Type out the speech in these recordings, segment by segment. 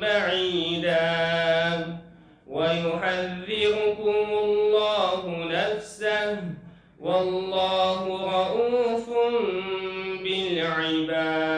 بعيدا ويحذركم الله نفسه والله رؤوف بالعباد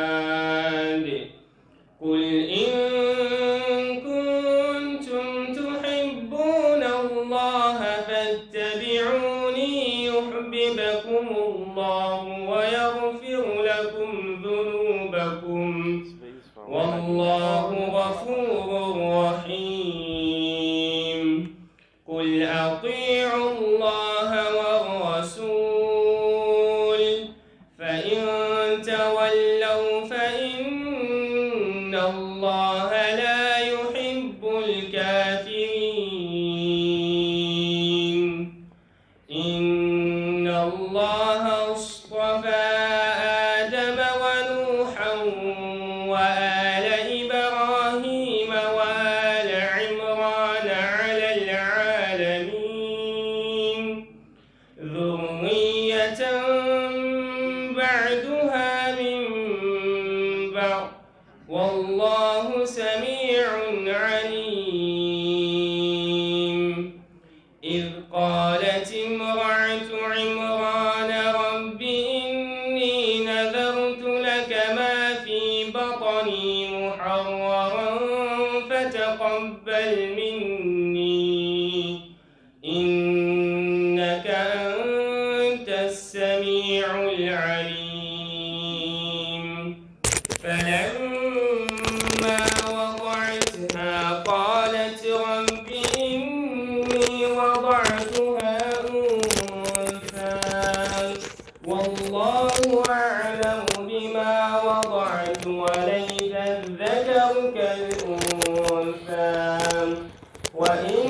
كالأنثى وإن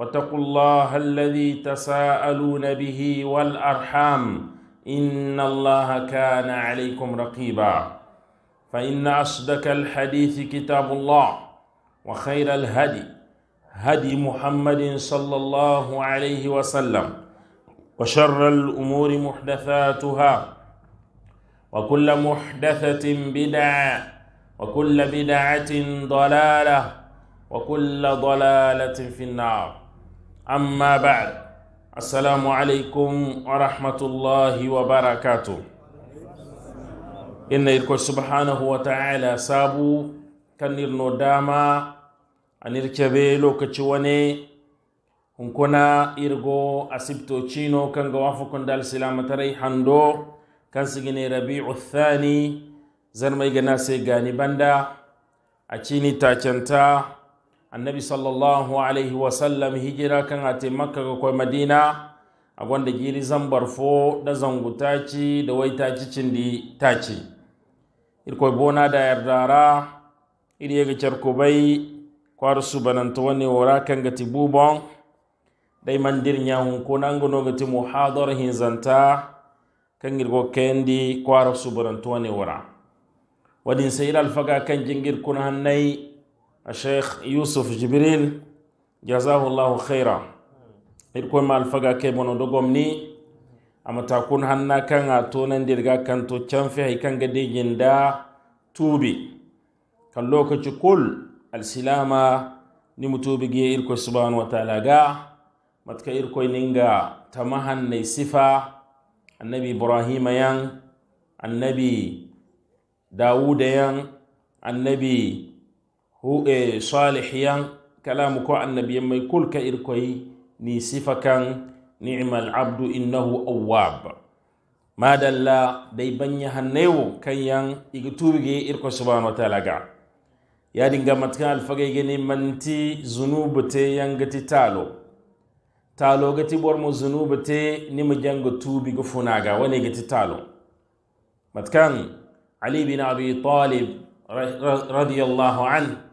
واتقوا الله الذي تساءلون به والارحام ان الله كان عليكم رقيبا فان اصدق الحديث كتاب الله وخير الهدي هدي محمد صلى الله عليه وسلم وشر الامور محدثاتها وكل محدثه بدعه وكل بدعه ضلاله وكل ضلاله في النار amma ba'ad, assalamu alaikum wa rahmatullahi wa barakatu inna irko subhanahu wa ta'ala sabu kan irno dama anir kebe lokaci wane hunkuna irgo cino kan ga wafakon da alsilamatarai hando kan sigine rabi'u thani zarmai gana sai gani banda a cini annabi sallallahu alaihi wasallam hijira kan a makka ga kwai madina a gwanda giri zambar fo da zangu taci da wai taci cindi taci irkwai bona da yardara iri yaga charkubai kwaru bananta wani wara kan gati bubon dai mandir nyahun ko nangono gati muhadar hinzanta kan girgo kendi kwaru bananta wani wara wadin sayir alfaga kan jingir kun hannai الشيخ يوسف جبريل جزاه الله khaira irko ma alfaga kai bono dogom ni ama ta kun hanna kan a tonan dirga kan to can fi hay kan ginda tubi kan lokaci kul alsilama ni mutubi ge irko subhanahu wa ta'ala ga matka irko ninga tamahan nay sifa annabi ibrahima yan annabi dawuda yan annabi hu salihiyan kalamu ko annabiyan mai kulka irkoyi ni sifa kan ni'mal abdu innahu awwab madalla dai banya hannewo kan yan igturge irko subhanahu wa ta'ala ga ya dinga matkan alfage gani manti zunubu te yan gati talo talo gati bormo zunubu te nimu jango tubi go funaga wani gati talo matkan ali bin abi talib radiyallahu anhu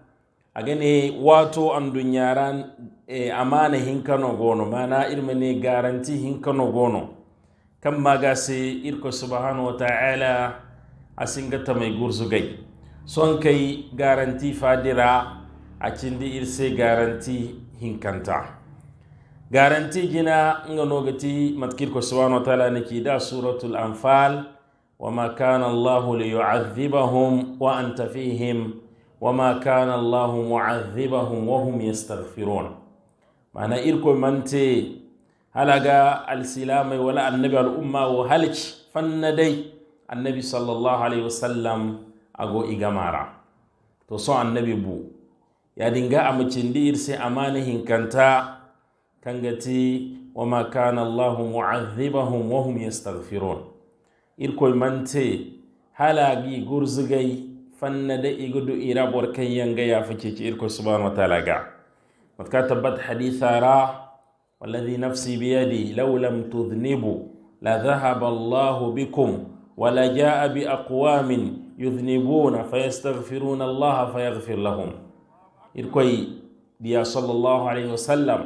agane wato andun yaran e, amana hinkano gono mana irmane garanti hinkano gono kan magase irko subhanahu wa ta'ala asingata mai gurzugai son kai garanti fadira a cindi irse garanti hinkanta garanti gina nga nogati matkirko subhanahu wa ta'ala niki da suratul anfal وما كان wa an tafi فيهم wama kana allahu muadhibahum hum yastaghfirun mana irko mante halaga alsilamai wala annabi al'umma umma wa halich fannadai annabi sallallahu alaihi wasallam ago igamara to so annabi bu ya dinga a irse amana hinkanta kangati wama kana allahu muadhibahum hum yastaghfirun irko mante halagi gurzugai fanna da igu du ira bor yanga ya fice ci irko subhanahu wa ta'ala ga matka tabbat haditha ra wallazi nafsi bi yadi law lam tudhnibu la dhahaba Allahu bikum wa la jaa bi aqwamin yudhnibuna fayastaghfiruna Allah fayaghfir lahum irko diya sallallahu alaihi wasallam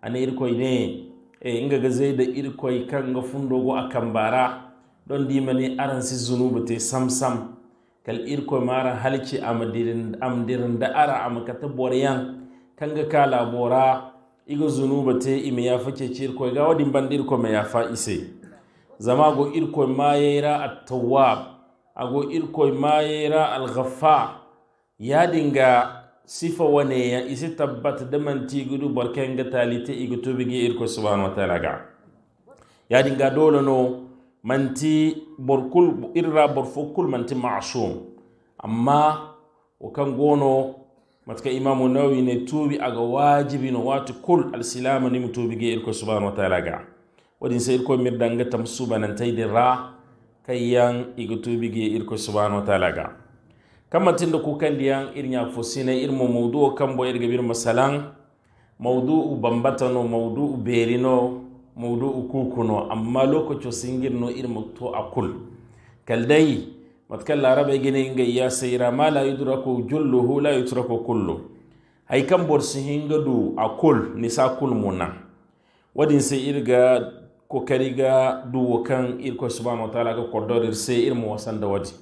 an irko ne e inga gaze da irko kan ga fundogo akan bara don di mani aran si zunubu te sam kal irko mara halci amdirin da ara amkata kanga kala bora igo zunuba te ime ya fake cirko ga wadin ban irko mai ya fa ise zama go irko mayera at-tawwab ago irko mayera al ghaffa ya dinga sifa wane ya isi tabbata da manti gudu barkan ga talite igo irko subhanahu wa ta'ala ga ya dinga dole no manti borkul irra borfokul manti ma'sum amma o kan gono matka imamu nawawi ne tuubi aga wajibi no wati kul alsilama nimi tuubige irko subhanahu wa taala ga wadin sai irko mirdanga tam subanantayde ra kayyan iga tuubige irko subhanahu wa taala ga kammatinda kukandiyan irña fosine irmo mawdu o kambo irga birma salan mawdu'u bambatano mawdu'u beerino uku kuno amma lokaco singirno irma to akul Kaldai matkal larabe gine inga ya sayra ma la yudraku julluhu la yutraku kullu haikan kam bor sihinga du akul nisa kul muna wadin sai irga kokari ga duwo irko subhanahu wa ta'ala ga kordodir sai irma wasan da waje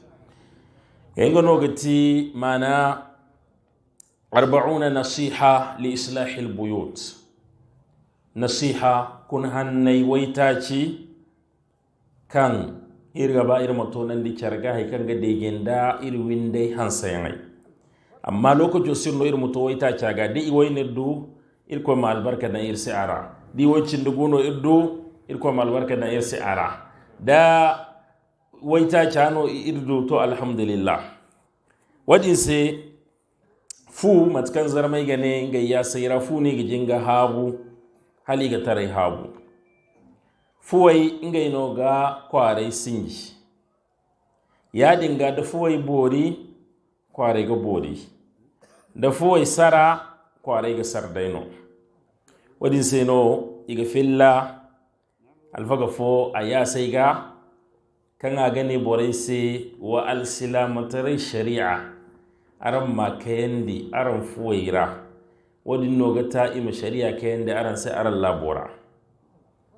yanga nogati mana arba'una nasiha li islahil buyut nasiha kun hannai ci kan irga ba irma matonan da carga hay kan ga daigin da irwin dai hansayanai amma lokacin lokaco sirno irmu mutu waita caga di iwoynir du irko ma albarka na irsi ara di wocindu guno irdu irko ma albarka na irsi ara da waita hano irdu to alhamdulillah wajin sai fu matkan zarmai gane gayya ya rafu fu ne ga habu Hali ga tarai habu fuwai ingaino ga kwarai sinji dinga da fuwai bori kwarai ga bori da fuwai sara kwarai ga sardaino wadin sai no iga filla alfaga fo a ya sai ga kan a gane borai sai wa alsila matarai shari'a aran di aran ra. wadin noga ta ima sharia kayan da aran sai aran labora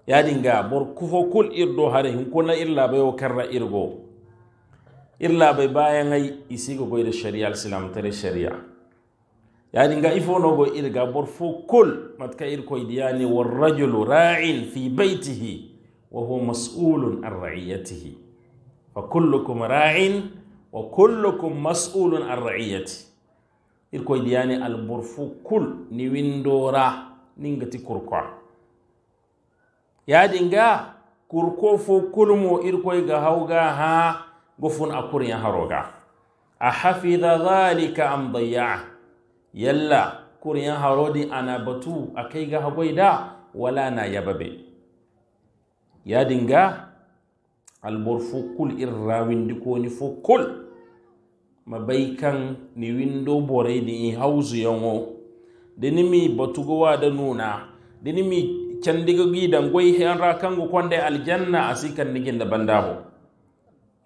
ya dinga bor kufo kul irdo hare hin kuna illa bai wa karra irgo illa bai bayan ai isi ga goyi da sharia al-islam tare sharia ya dinga ifo no go irga bor fo kul matka irko idiyani war rajulu ra'in fi baitihi wa huwa mas'ulun an ra'iyatihi fa kullukum ra'in wa kullukum mas'ulun an ra'iyatihi irko diyani alburfu kul ni windora ningati kurko yadinga kurko fo kulmo irko ga hauga ha gufun akur ya haroga a hafiza zalika am dayaa yalla ya harodi ana batu akai ga hagoida wala na yababe yadinga alburfu kul irrawindi ni fo kul mabaikan kan ni windo bore ni hawzu Da ni mi batugo da nuna dini mi diga gidan goy henra kango konde aljanna sikan nigin da bandabo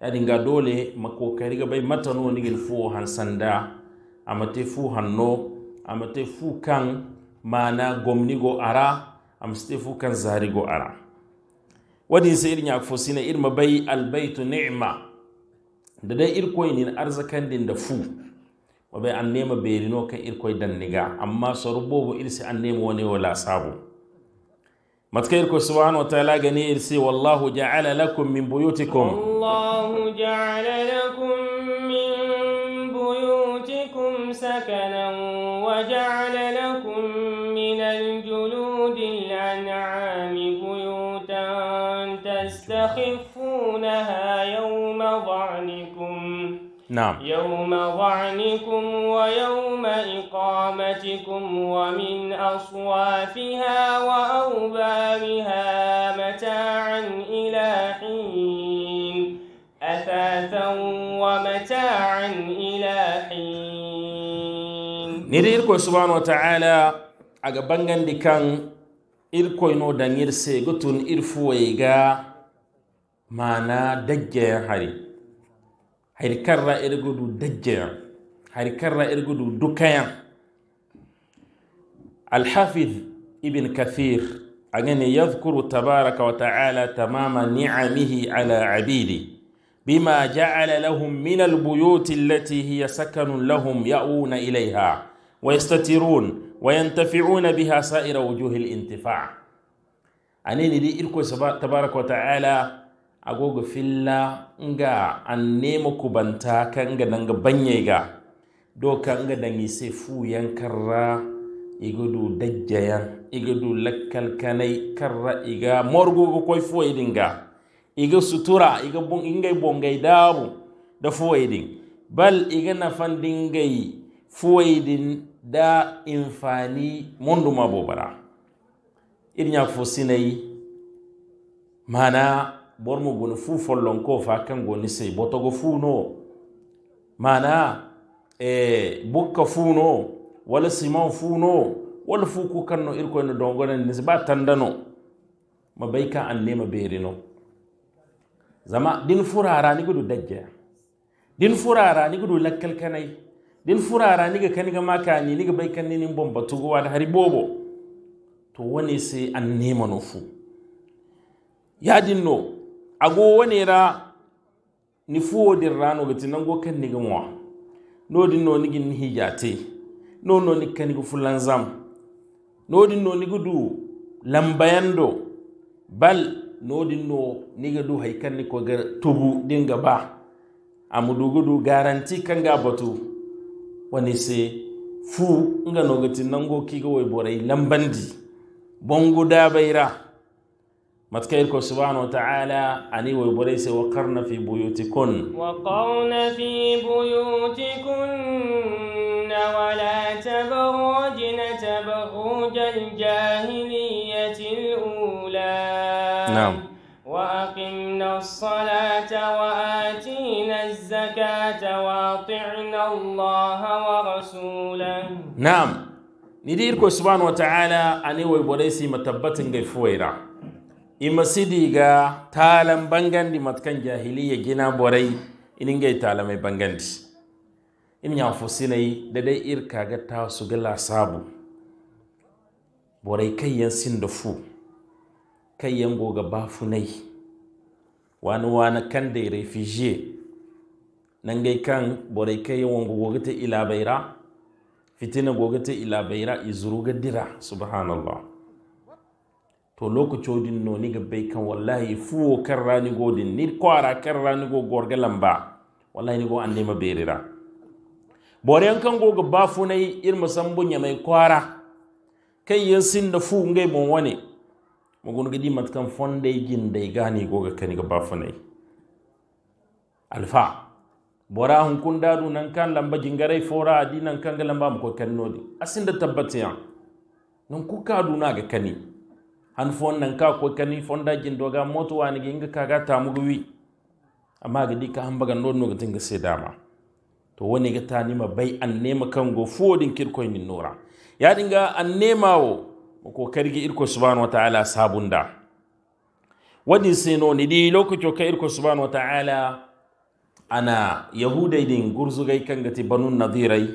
yadi dinga dole makokari ga bay matano nigin Fu han sanda amate fu hanno amate fu kan mana go ara amste fu kan go ara wadin sayir nyak irma bay albaitu, ni'ma nde de irkoy nin din da fu waɓe annema beerino kan dan niga, amma soro bobo irsi annema woni o lasabu matka irkoy subhanahu wa taala gani irsi wallahu jaala lakum min buyutikum allahu jaala lakum min buyutikum sakanan wa jaala lakum min aljuludi alan'ami buyutan tastakhif نعم يوم ظعنكم ويوم إقامتكم ومن أصوافها وأوبارها متاعا إلى حين أثاثا ومتاعا إلى حين نرى إلكو سبحانه وتعالى أقبنغن دي كان إلكو ينو دانير سيغتون إرفويغا مانا دجي حريب hayri karra ergo du dajjayan hayri karra ergo الحافظ ابن كثير أن يذكر تبارك وتعالى تمام نعمه على عبيده بما جعل لهم من البيوت التي هي سكن لهم يأوون إليها ويستترون وينتفعون بها سائر وجوه الانتفاع أنني دي إلكو تبارك وتعالى agogo filla nga an nemo kubanta kan ga ga banye ga. do kanga dangi sai fu yan karra igudu dajjayan igudu lakkal kanai karra iga go koy fo idinga iga sutura iga bon ingai bongai dabu da fo idin bal iga na fandin dingai fo idin da infani mundu mabobara irnya fo sinai mana bormo fu follon ko fa kango ni sey botogo no mana e bukka no wala siman no wala fu ku kanno irkoyno dongonen ni ba tandano ma bay ka an nema beerino zama din furara ni gudu dajja din furara ni gudu lakkal kanay din furara ni niga ni, makani ga bay kan ninin bomba wada hari bobo to woni sey an no fu. fuu no. ago ra ni fuwo dir rano gati nango kan ni gamwa no din no ni gin hijate no no ni kan gufu lanzam no din no ni gudu lambayando bal no din no ni gudu haikan ni ko gar tubu din gaba amudu gudu garanti kan ga batu wani se fu nga no gati nango ga go borai lambandi bongo da baira متكيلكو سبحانه وتعالى أني وبريس وقرن في بيوتكن وقرن في بيوتكن ولا تبرجن تبرج الجاهلية الأولى نعم وأقمنا الصلاة وآتينا الزكاة وأطعنا الله ورسوله نعم نديركو سبحانه وتعالى أني وبريس متبتن غيفويرا ima sidiga talan bangandi matkan jahiliya gina borai iningay mai bangandi in ya fusinai da dai irka kaga ta su ga lasabu. borai kayyan sin da fu kayyan goga bafunai wani wani kan da refugee nan gai kan borai kayyan wango goga ta ila baira fitina goga ta ila baira izuru ga dira subhanallah to lokacodin noni ga bai kan wallahi fuwo kan rani godin ni kwara kan rani go gorga lamba wallahi ni go an nema berira bore an kan go ga fu nai ir musambun ya mai kwara kai yin sin da fu ngai mon wane mugun gidi mat kan fonde gin dai gani go ga kan ga fu nai alfa bora hun kun dadu nan kan lamba jingarai fora adi nan kan ga lamba mu ko kan nodi asin da tabbatiya nan ku kaduna na ga kani han fon nan ka ko kani da jin doga moto wani gi ga kaga mu gwi amma ga dika ka han baga non no ga tinga sai dama to wani ga ta nima bai an nema go fodin kirkoy nin nora ya dinga an nema wo ko kargi irko subhanahu wa ta'ala sabunda wadi no ni di lokacin ka irko subhanahu wa ta'ala ana yahuda din gurzugai kangati banu nadirai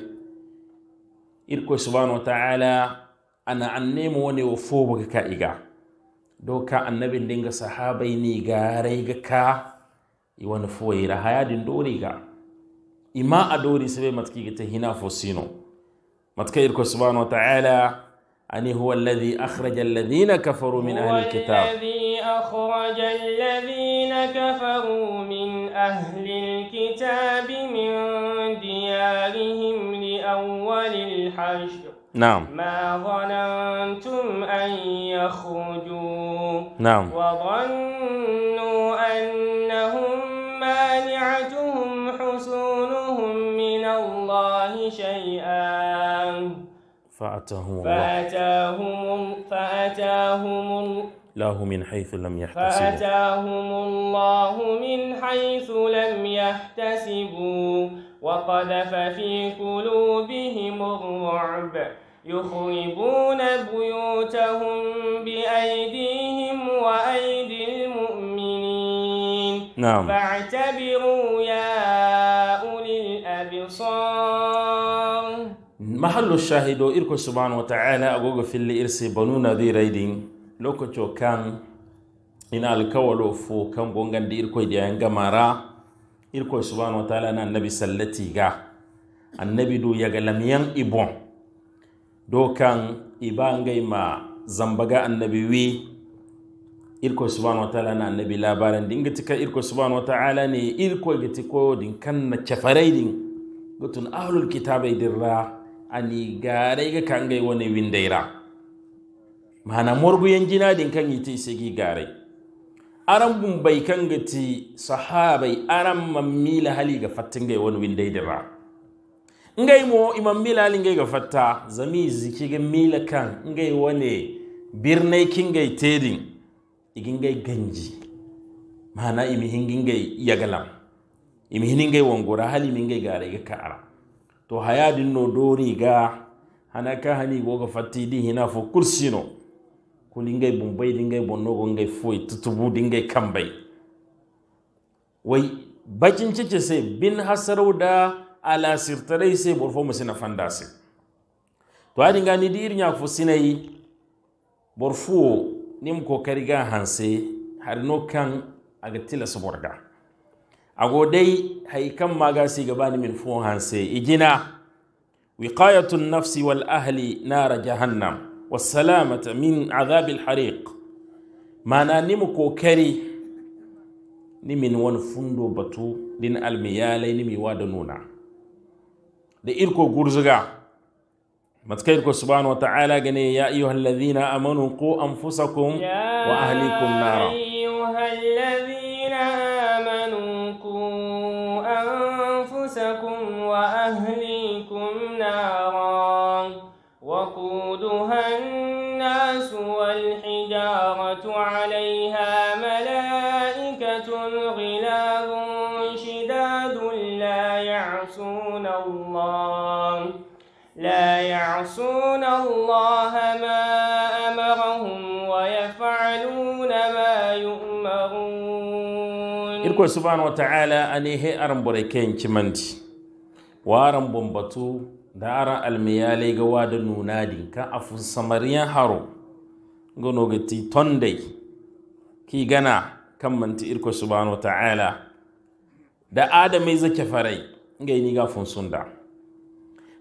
irko subhanahu wa ta'ala ana an nema wani wo fo baga ka iga doka ka annabin dinga sahabai ni garai ga ka iwani fuwaira hayadin dori ga ima a dori sabe matki gita hina fosino matka irko subhanahu wa ta'ala أني هو الذي أخرج الذين كفروا من أهل الكتاب الذي أخرج الذين كفروا من أهل الكتاب من ديارهم لأول الحشر نعم ما ظننتم أن يخرجوا نعم وظنوا أنهم مانعتهم حصونهم من الله شيئا فأتاهم الله فأتاهم فأتاهم الله من حيث لم يحتسبوا فأتاهم الله من حيث لم يحتسبوا وقذف في قلوبهم الرعب يخربون بيوتهم بأيديهم وأيدي المؤمنين نعم فاعتبروا يا أولي الأبصار محل الشاهد إركو سبحانه وتعالى أقول في اللي إرسي بنو نذير أيدين لو كنتو كان إن الكولو فو كان بونغان دي إركو دي أنغمارا إركو سبحانه وتعالى أن النبي سلتي غا النبي دو يغلميان إبون dokan ibangai ma zambaga annabi wi irko subhanahu wataala na annabi labaran din ga tika irko subhanahu wataala ne irko ga tiko din kan na cafarai din gutun ahlul kitabai dirra ani garai ga kan gai wani windaira mana morgu yanjina din kan yiti sigi garai aran bumbai kan gati sahabai aran mamila hali ga fatin gai wani windaira ngai mo imam bilal ngai ga fatta zami ziki ga mila kan ngai wane kin kingai tedin igin ngai ganji mana imi hingin ngai yagalam imi hingin ngai wangora hali min ngai gare ga kara to hayadin no dori ga hana ka hani go ga fatti di hina fo kursino kuli ngai bumbai di ngai bonno go ngai foi tutubu di ngai kambai wai bakin cice sai bin hasarau da ala sirtarai sai bor fo fanda fandase to adi ni dir nya fo sinai bor fo nim ko kariga hanse har no kan aga tila suborga ago dai hay kam maga si gabani min fo hanse ijina wiqayatu nafsi wal ahli nara jahannam wassalamata min adhabil hariq mana kari ni nimin wani fundo batu din almiyalai ni mi da nuna da irko gurzuga matkai irko subhanahu wa ta'ala gane ya ayyuhal ladhina amanu qu anfusakum wa ahlikum nara ya ayyuhal ladhina amanu qu anfusakum wa ahlikum nara وقودها الناس والحجارة عليها يعصون الله ما أمرهم ويفعلون ما يؤمرون إركو سبحانه وتعالى أنيه أرم بريكين كمانتي وأرم بمبتو da ara almiyalai ga da nunadin kan afun samariyan haro gano ga titondai ki gana kan manti irko ta'ala da adamai zake farai ga yi gafin sunda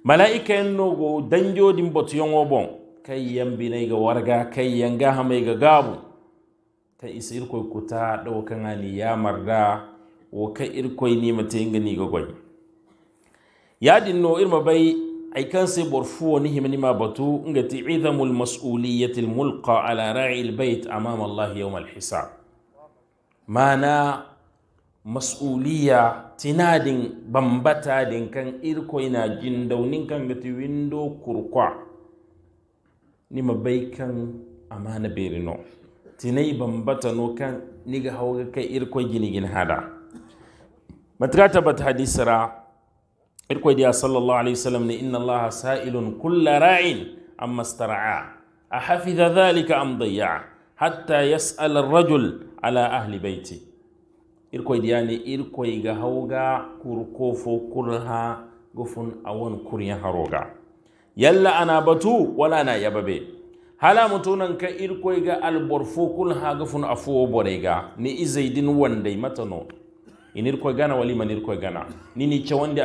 malaika en no obon danjoɗin obon yongo bon kay ga warga gaha mai ga gabu ta isa irkoy kuta ɗo kagani ne mata yin gani ga niga ya din no irma bai aikan sai borfu wani ni ma batu ngati idamu tilmulka mulka ala rai bait amama allah yauma alhisab mana mas'uliya tinadin bambata din kan irko ina jin daunin kan gati windo kurkwa ni mabai kan amana berino tinai bambata no kan niga hauga kai irko gini gin hada matrata bat hadisara irko dia sallallahu alaihi wasallam ni inna allaha sa'ilun kulla ra'in amma stara'a a hafiza dhalika am dayya hatta yas'al ar-rajul ala ahli baiti irkoy diyani irko ga hawga kur kofo kurha gufun awon kurya haroga yalla ana batu wala na yababe hala mutunan ka irko ga albor fo kulha gufun afuwo borega ni izaidin wandai matano irko gana wali irko gana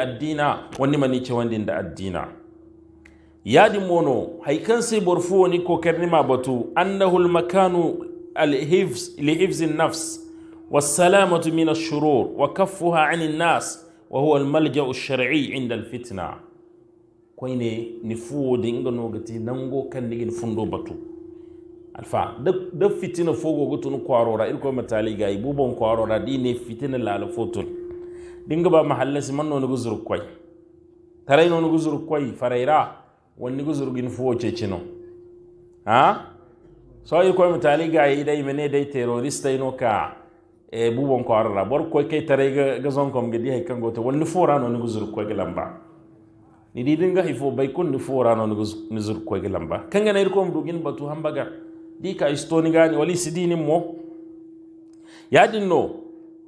addina wani mani cewandi da addina yadi mono haikan sai borfo ni kokarni ma batu annahu almakanu alhifz lihifz an-nafs والسلامة من الشرور وكفها عن الناس وهو الملجأ الشرعي عند الفتنة كويني نفو دينغ نوغتي نانغو كان نيجي نفندو باتو الفا دب فتنة فوغو غتو نكوارورا إلكو متالي غاي بوبون كوارورا دي نفتنة لالو فوتون دينغ با محلة سمان نو نغزر كوي تاري نو نغزر كوي فريرا ونغزر غنفو چيچنو ها so yi kwa mutali ga yi دي mene dai terorista ino e bubon ko arra bor ko kay tare ga gazon zon kom gidi hay kango to wonni forano ni guzur ko lamba ni di dinga hay fo bay kun ni forano ni guzur ko lamba kanga nay ko mdu gin batu hambaga di ka istoni ni wali sidini mo Ya no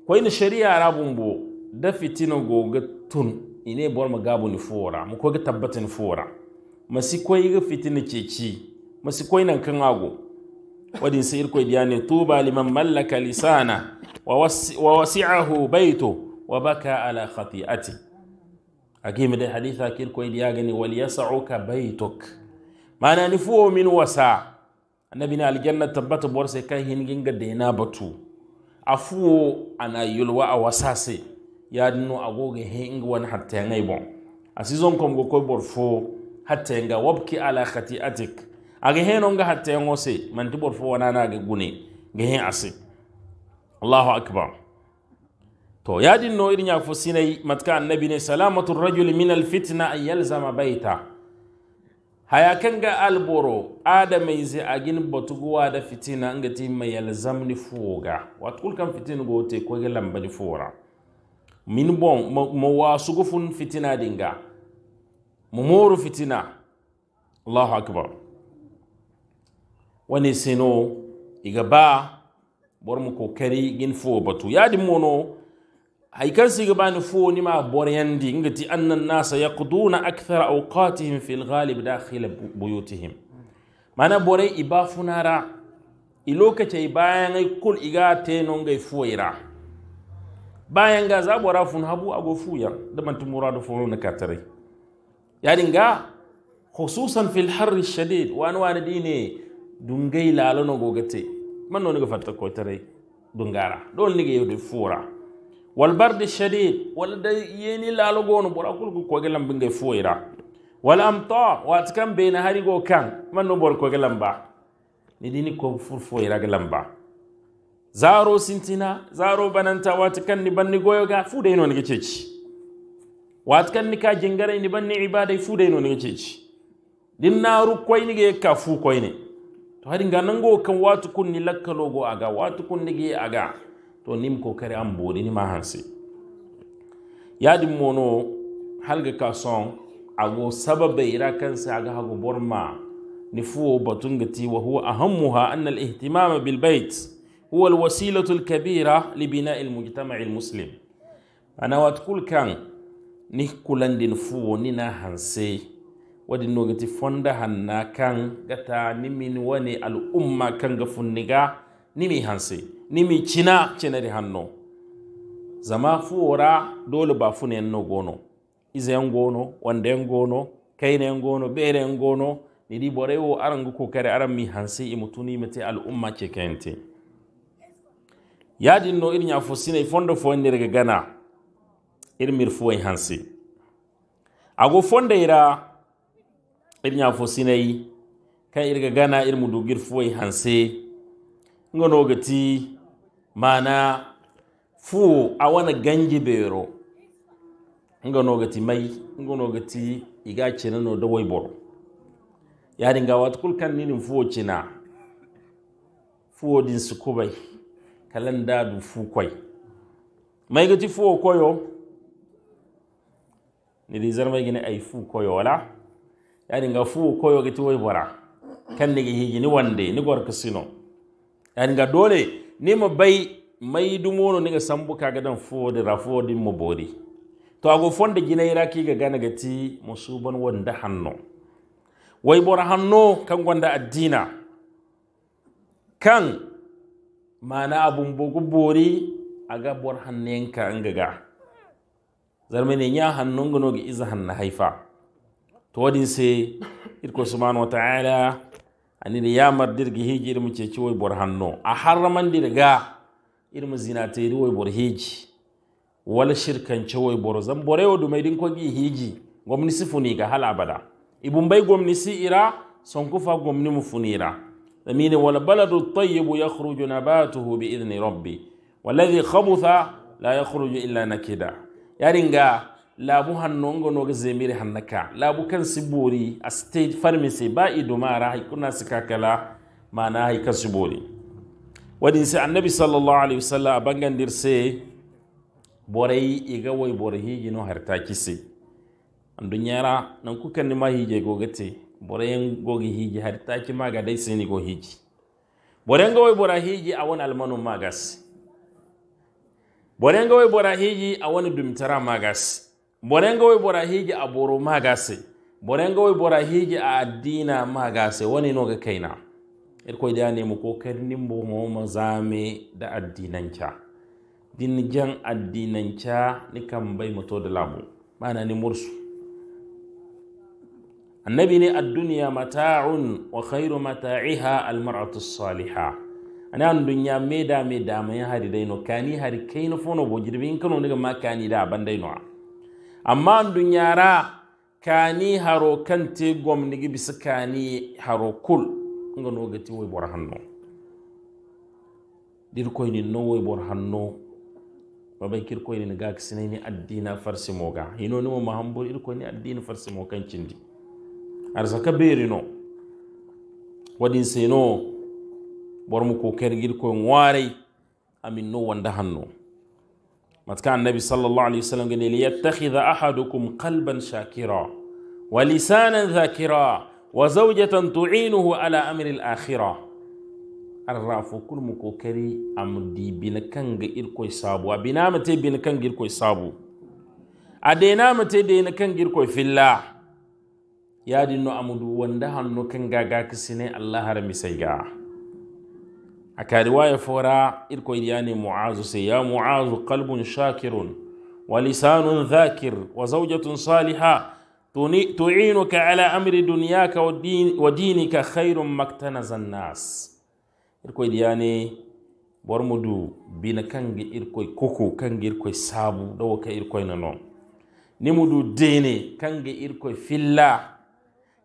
ko ni sharia arabun bo da fitino go ga tun ine bor ma gabu ni fora mu ko ge tabbatin fora masi yi ga fitini ceci masi koy nan kan ago wadin sayir ko ne tuba liman mallaka lisana wa wasi'ahu baytu wa baka ala khati'ati akimi da haditha kir ko gani wal yas'uka Baituk. mana ni fuwo min wasa annabi na aljanna tabbata bor sai kan hingin ga daina batu a fuwo ana yulwa a wasase ya dinno agoga hin wani hatta ngai bon a season kom go ko bor fo hatta nga wabki ala khati'atik aga heno hatta hatteŋo se manti bor fo na ga gune ga hen ase allahu akbar to yadin no irin ya fo sinai matka annabi ne salamatu rajul min a an yalzama baita haya kan ga alboro mai zai agin batuguwa da fitina nga ti mai yalzam ni fuga watkul kan fitin go te ko ga lamba ni fora min bon mo wasu gufin fitina dinga mu moru fitina allahu akbar wani sino iga ba bor mu kokari gin fo batu yadin mono kan si gaba ni fo ni ma bor yandi ngati annan nasa yaquduna akthara awqatihim fil ghalib dakhil buyutihim mana bore iba funara i lokace bayan ai kul iga teno ngai ira bayan ga za bora fun habu ago ya da man tumuradu fo na katare ya ga khususan fil harri shadid wani wani dine Dungai no lalono gogate man no niga fatta tare dungara ɗon niga yodi fura wal bard shadid wal da yeni go no bora kul ko gelam ngay foira wal amtar wa kam beyna hari go kan man no ko gelam ba. ni dini ko fur gelam ba. zaro sintina zaro bananta wa kan ni banni goyoga fu dey ngi ceci wa kan ni ka jingare ni banni ibada fu dey ngi ceci din naru ge yekka fu koyne hari ga nango kan watu kunni lakkalogo aga watu kunni gi aga to nim ko kare an bodi ni ma hansi yadin mono halga ka son ago sababe ira kansa aga hago borma ni fuwo batun gati wa huwa ahammuha an al-ihtimam bil bait huwa al-wasilatu al-kabira li bina al-mujtama' al-muslim ana watkul kan ni kulandin fuwo ni na hansi wadin nogati fonda hanna kan gata nimin wani al'umma kan ga funniga nimi hanse nimi cina di hanno zama fuwora dole ba funen no gono izen gono wanden gono kainen gono beren gono nidi borewo arangu kokari aran mi hanse mutuni mate al'umma ce kayante yadin no irin ya fosine fondo fonde daga gana irin hansi. hanse ago fonda ira fosi na yi kan irga gana irin irmu dugir fuwai hanse ngano gati mana fu a wani ganji bero ngano gati mai ngano gati iga cina no da waibor ya dinga wata kulkan kan ninin fuwo cina fuwo din su kubai kalan dadu fu kwai mai gati fuwo koyo ni dai zarmai gina ai fu koyo wala yani nga fu koyo gati woy bora kan nege hiji ni wande ni gor kasino nga dole ni ma bai mai dumono ni ga sambu ga dan fo de mo bori to ago fonde gina ki ga gana gati ban wanda hanno wai bora hanno kan gwanda addina kan mana abun bugu bori aga bor hannenka ngaga zarmene nya gano ga iza hanna haifa to wadin se irko subhanahu wa taala yamar dirgi hiji irmo ceeci woye bor hanno a harraman ga irmu zinateri woye bor hiji wala shirkance woye boro zam borewo dumai din kogi hiji gomni si ga hal abada bai gomni si ira sonko fa gomni mo funira ɗamine wala baladu tayibu yahruju nabatuhu bi idni rabbi waladi habuta la yahruju illa nakida yaringa labu hannongo no zemiri hannaka labu kan sibori bori a stage pharmacy ba i dumara haikuna kala ma mana haika kan bori wadin sai annabi sallallahu alaihi wasallam a dirse sai borai iga wai borai higino harta kise andun yara nan ku ni ma hige gogate borai gogi hige harta ki ma ga dai sai ni go hige borai ga wai borai a wani almanu magas borai ga wai borai a wani dumtara magas borenga way bora a boro magase borenga way bora a addina magase wani noga kaina irko da nemi kokarin mbo mo mazame da addinanca din jan addinanca ni kan bai muto da labu mana ni mursu annabi ne a duniya mata'un wa khairu mata'iha al-mar'atu saliha ana an dunya me da me mai hari dai kani hari kai no fono bo jirbin kano ne ma kani da ban dai amma ndun yara kani haro kante gwamnigi bisa kani haro kul nga no gati woy bor hanno dir koy ni no woy bor hanno babay kir koy ni gak ni addina farsi moga hino ni mo mahambur ir koy ni addina farsi mo kan cindi arzaka no. wadin seno bor mu ko kergir koy amin no wanda hanno matka annabi sallallahu alaihi wasallam gani li yattakhidha ahadukum kalban shakira wa lisanan dhakira wa zawjatan tu'inuhu ala amri al-akhirah arra fo kul a kokari amdi bina kanga irko sabu bina mate bina kanga irko sabu adena mate dena kanga irko fillah a amudu wanda hanno kanga ga kisine allah har misaiga kariwa ya fura irko ne mu'azu sai ya mu'azu kalbun shakirun wa lisanun zakir wa zaujatun saliha ka ala amri ka wa zannas. khairun maktana zannas irko ne bor mudu bina irko kuku, koko kangi irko sabu dawo ka na nanon ni mudu dene kangi irko filla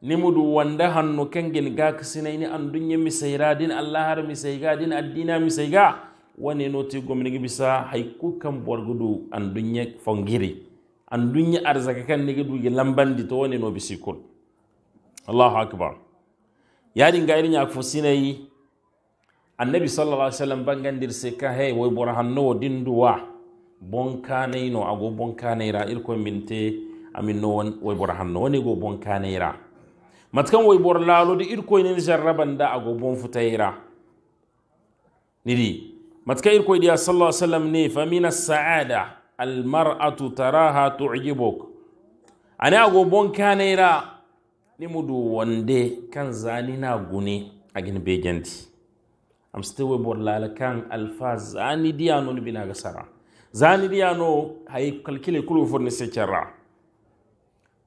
nimudu wanda hannu kengin ga kisinayni an dunya misaira, din allah har misaiga din addina misaiga. wani noti gi bisa haiku kan borgudu an dunya fongiri an dunya arzaka kan nigi dugi lambandi to wani no bisikul allahu akbar yadin ga irin yakfu sinayi annabi sallallahu alaihi wasallam bangandir se ka hey woy bora hanno dinduwa no, ago ra irko minte amin no won woy bora hanno woni go ra. matkan wai bor laalo de ne nen jarrabanda ago bon futayra nidi matka irko diya sallallahu alaihi wasallam ne fa min as-sa'ada al-mar'atu taraha tu'jibuk ani a gobon kanera ni mudu wande kan zani na gune gin bejanti am wai bor lalo kan alfa zani diya ni bina gasara zani diya no hay kalkile kulu forni se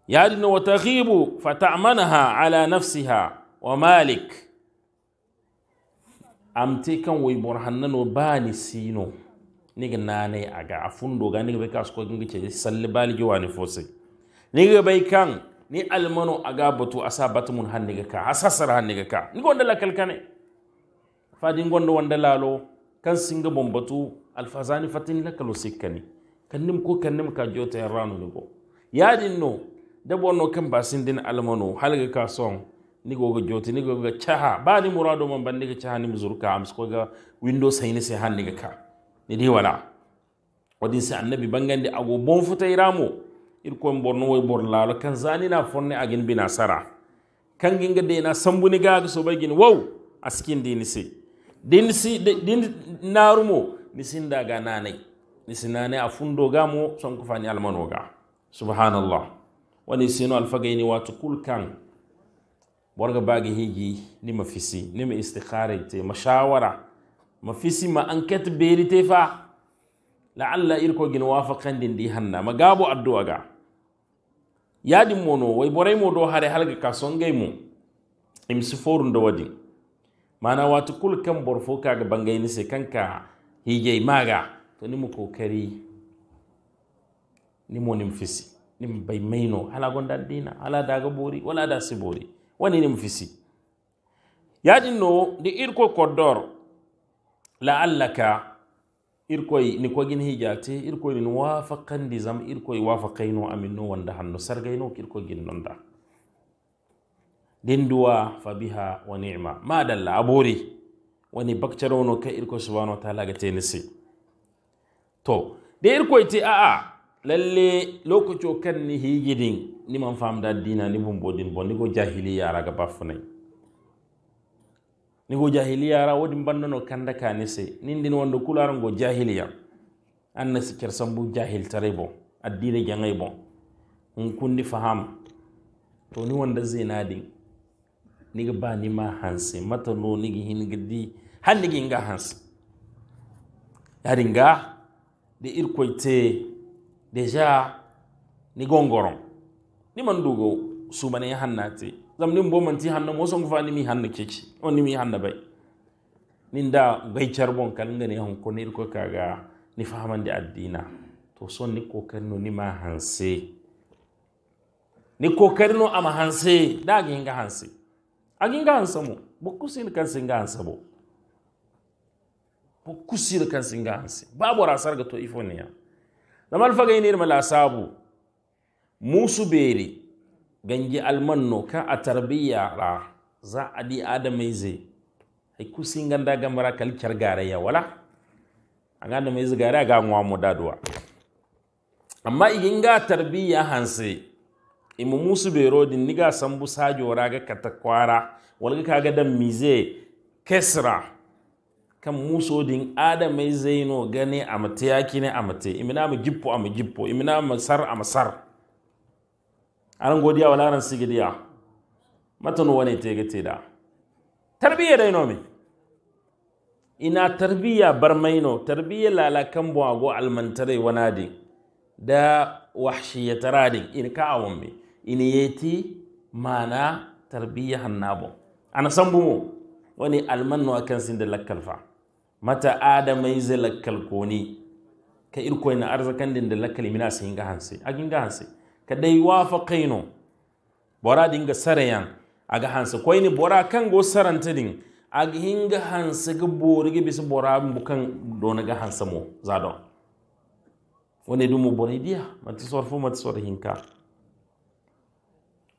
yadin wa taghibu fatamanaha ala nafsi ha wa malik amte kan way bor hannano bani sino niga nanay aga afundo ga niga be kas ko ngi ce salli bali jowani fose niga bai kan ni almano aga batu asa batumun hanniga ka a asasar hanniga ka ni gonda lakal kane fadi gwanda wanda lalo kan singa bambatu alfazani fatin lakalo sikkani kannim ko kannim ka jota yarranu ni go yadin no da no kan basin din almano halga ka son ni goga joti ni goga chaha ba ni murado man ban ni chaha ni muzurka am ko ga windows ni sai han ni ka ni di wala wadin sai annabi bangande ago bon futa iramo irko en borno way bor lalo kan zani na fonne agin bina sara kan ginga de na sambu ni gaga so bagin wow askin din sai din si din narumo ni sinda ga nanai ni sinane afundo mo son ko fani almano ga subhanallah wani sino alfagayni watu kulkan. Warga bagi higi mafisi fisi ma istikhari te mashawara mafisi ma enquête beri te fa la'alla irko gin wafaqandin di hanna magabo addu'a ga yadin mono wai borai mo do hare halga ka songai mu imsi forun da wadi mana watu kul kan borfo bangaini se kanka higi maga to nimu kokari mo ni fisi ɗum bai maino ala gonɗa dina ala daga bori, wala da si bori, wani ɗum fisi yaɗin no di irko la allaka irko ni kogin hijate irkoy nin di zam irko wafaqayno amin no wanda hanno sargaino irko gin nonda din duwa fa biha wa nicma ma dalla abori, wani bakcharono ka irko subhanahu wa taala ga tenisi to irko irkoy a aa lalle lokaco kan ni higidin ni man famda dina ni bumbo din bon ni go jahiliya raga bafnai ni go jahiliya ra wodin bandono kanda kane se nin din wondo kularan go jahiliya anna sikir sambu jahil tare bon addina jangai bon un kunni faham to ni wanda zinadin ga ba ni ma hanse mata no nigi hinigi di han nigi nga hanse yaringa de irkoite deja ni gongoron ni man dugo sumane hannate zam nin bo manti hanna mo so ngufani mi hanna keki on mi hanna bay nin da bay charbon kan ngane hon ko nir ko kaga ni di addina to son ni kokarno ni ma hanse ni kokarno ama hanse da ga hanse a ga hanse mo bo kusin kan ga hanse bo bo kusin kan ga hanse babu rasar ga to ifoniya malfa ga ne irma sabu musu beri gangi almanno ka a tarbiyya ra za a di adamai e zai ai kusin ganda gamara gare garayya wala a ganda mai zigara ga nwa mu daduwa amma igin ga tarbiyya hanse imu musu bero din niga sambu sajo raga katakwara walga kaga dan mize kesra Kan muso din adamai zaino gane amate a mata imina mu a mu gippo imina mu sar amu sar aran godiya wala ran sigidiya matan wane tege da. tarbiya dai nomi ina tarbiya barmaino tarbiya lala kan bwago almantare di da wahshiyataradi in ka awambe in yeti mana tarbiya hannabo ana san mu wani almanno akan da lakkalfa mata adamai zalakal kone ka irko ina arzakan din da lakkal mina sai ga hanse a ga hanse ka dai wafa kaino bora dinga sarayan a ga hanse ko ni bora kan go saranta din a ga hanse ga bori ga bisu bora kan dona ga hanse mo zado wani dumu bori dia mati sorfu mata sor hinka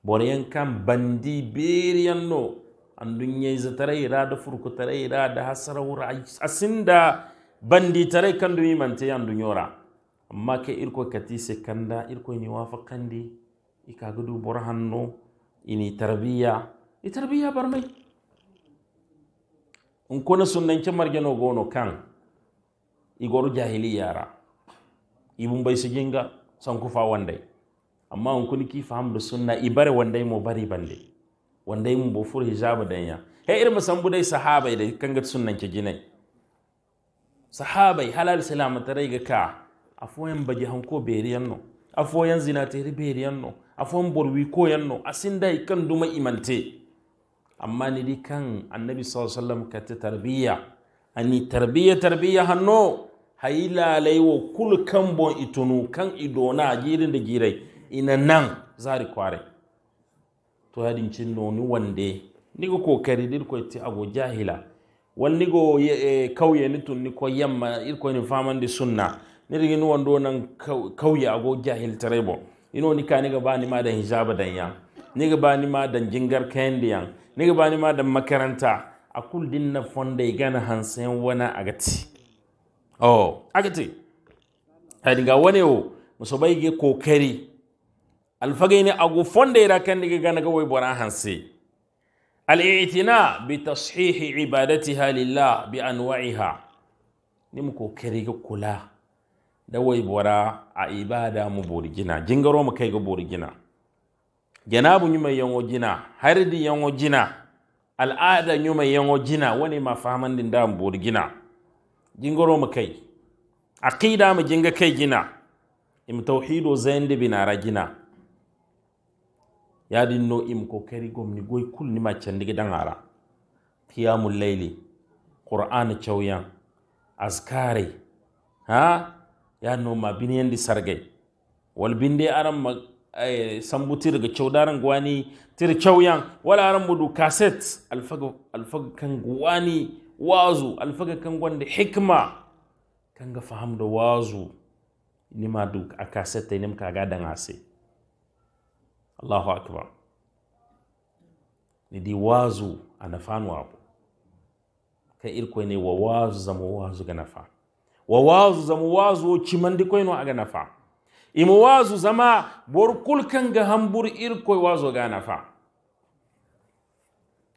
yan kan bandi beriyan no andun yai zatare ira da furkutare ira da hasara wura asinda bandi tare kan dumi mante andun yora amma ke irko kati se da irko ni wafa kandi ka gudu borhanno ini tarbiya i tarbiya mai in kuna sunnan ke margeno gono kan igoru jahili yara ibun bai su ginga san kufa wandai amma in kuni ki faham da sunna ibare wandai mo bari bande wanda yi mbo fur hijabu danya ya irin musambu dai sahabai da kanga sunan ke ginai sahabai halal salamata rai ga ka afoyan bagi hanko beriyan no afoyan zina ta ri beriyan no afoyan borwi koyan no asin dai kan duma imante amma ni di kan annabi sallallahu alaihi wasallam ka ta tarbiya ani tarbiya tarbiya hanno hayi lalai wa kul kan bon itunu kan idona girin da girai ina nan zari kware to yadin cinno ni wande nigo kokari dir ko ti abu jahila wannigo e, kauye ni tun ni ko yamma ir ko ni di sunna ni rigi ni wando nan kauye abu jahil tarebo ino ni ka ni ga bani ma da hijaba dan yan ni ga bani ma da jingar kayandi yan ni ga bani ma da makaranta a kul din na fonde gana hansen wana agati oh agati hadi ga wane o musobai ge kokari ne a gufon da kan alfagayni agu fondeyra bi ta way ibadati hanse bi an ibadatiha ha. Ni mu kokari ga kula da way bora a ibada mu bori jina jingaro mu kai kayga bori jina janabu nyuma yango jina haridi yango jina al'ada nyuma yango jina wani ma fahamandin da mu bori jina jingaro mu kai da mu jinga kai gina. jina im tauhido zayndi binara jina yadin no im ko gom ni goy kul ni macen digi dangara qiyamul layli qur'an chawyan azkari ha ya no ma di sarge. wal binde aram ma sambutir ga chawdaran gwani tir chawyan wala aram mudu kaset alfaga alfaga kan gwani wazu alfaga kan gwande hikma kanga faham da wazu Ni ma du a cassette nim kaga dangase Allahu Akbar ni di wazu anafanu hapo ka ne wa wazu zama wazu ga nafa wa wazu zama wazu cimandi koyno aga nafa imu wazu zama bor kulkan ga hambur irkoy wazu ga nafa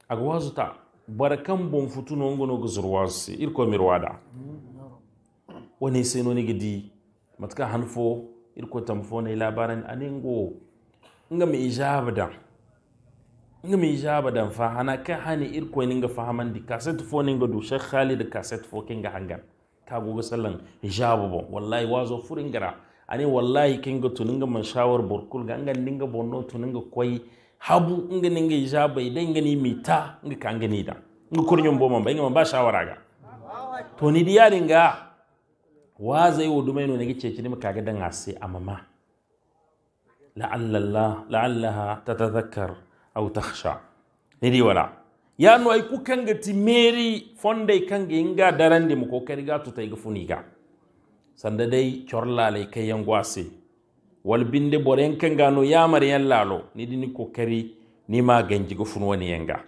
aga wazu ta barkan bon futuno ngono ga wazu si irkoy da. wani sai noni gidi matka hanfo irko tamfo ne labaran aningo nga mi ijaba dan nga mi ijaba dan fa hana ka hani irko ninga di kaset fo ninga du sheikh khalid kaset fo kinga hangan ka gogo sallan ijaba bo wallahi wazo gara ani wallahi kinga ga man shawar burkul ga nga ninga bonno tuninga koi habu nga ninga ijaba idan nga ni mita nga nga ni da nga kurnyon bo man ba nga man ba shawara ga to ni diyarin wa wazai wo dumai no gice cece ni ga dan ase amama لعل الله لعلها تتذكر أو تخشى ندي wala. ya nuna ay ku kanga ti meri fonde kanga daren darande mu kokari ga tutai ga funiga sanda dai chorlale kay yangwase wal binde boren kanga mara yan lalo. ni dini kari ni ma ganji ga fun wani yanga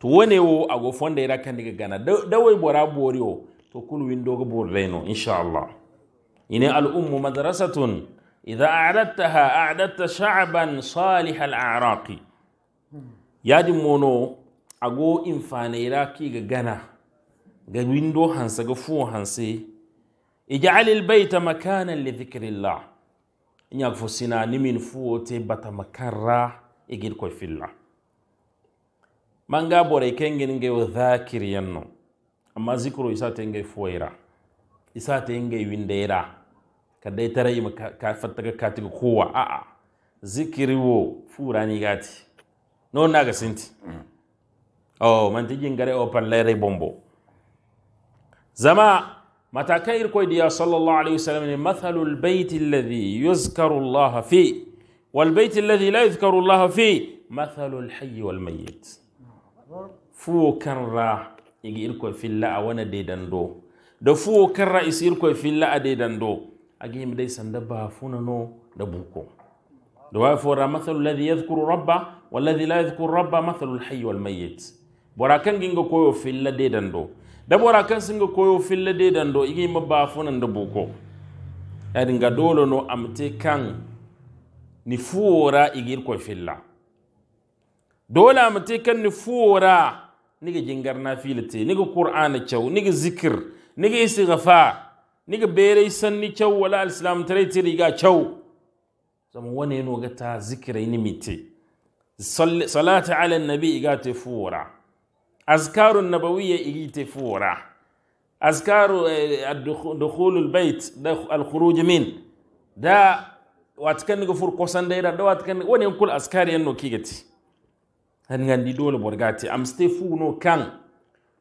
to wane wo ago fonde ira kan diga gana dawai bora o. to kul windo ga borreno insha Allah ine al madrasatun إذا أعددتها أعددت شعبا صالح الأعراق يادي مونو أغو إنفاني راكي غانا غويندو هانسا غفو هانسي اجعل البيت مكانا لذكر الله إن يغفو سنا نمين فوتي بات مكرا إجيل كوي في الله مانغا بوري كنجي نجي وذاكر ينو أما ذكرو إساتي نجي فويرا إساتي نجي وينديرا kadai tarai ka fattaga katiga kowa a'a zikiri wo ni gati no ga sinti o oh, manti gare o pallere bombo zama matakai irko diya sallallahu alaihi wasallam ne mathalul baiti alladhi yuzkaru Allah fi wal baiti alladhi la yuzkaru Allah fi mathalul hayy wal mayyit fuwo ra. igi irko filla a wana dando. da fuwo ra isi irko filla a dando. agi yim dai sanda ba funano da buko da wa fora mathalu alladhi yadhkuru rabba walladhi la yadhkuru rabba mathalu alhayy wal mayyit bora kan ginga koyo filla de dando da bora kan singa koyo filla de dando igi ma ba funan da buko ya dinga dolo no amte kan ni fuora igir ko filla dole amte kan ni fuora niga jingar na ga niga qur'ana chaw niga zikir niga istighfar نيجا بيري سني كاو ولا الإسلام تري تري كا كاو زمان ونين وقتا ذكر إني ميتي صلاة على النبي إيجا تفورا أذكار النبوية إيجا تفورا أذكار دخول البيت الخروج من دا واتكن غفور قوسان دايرا دا واتكن ونين كل أذكار ينو كيجتي هن غاندي دول بورغاتي أمستي نو كان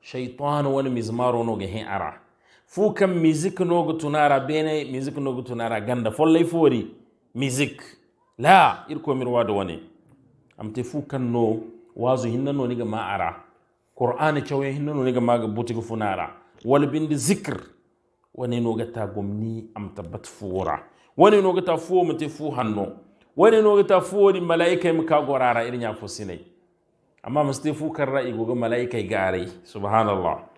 شيطان ونمزمارو نوغي هين أراه Fukan kam music nogo tunara bene music nogo tunara ganda follay fori music la irko mir wado woni amte fukan no wazo hinna no niga ma ara qur'ani chawe hinna no ga maga butigo funara wal bindi zikr wani no gata gomni am tabat fura wani no gata fu mate fu hanno wani no gata fu wani malaika mi ka gorara irin ya fosinai amma mustafu kan ra'i goga malaika gare subhanallah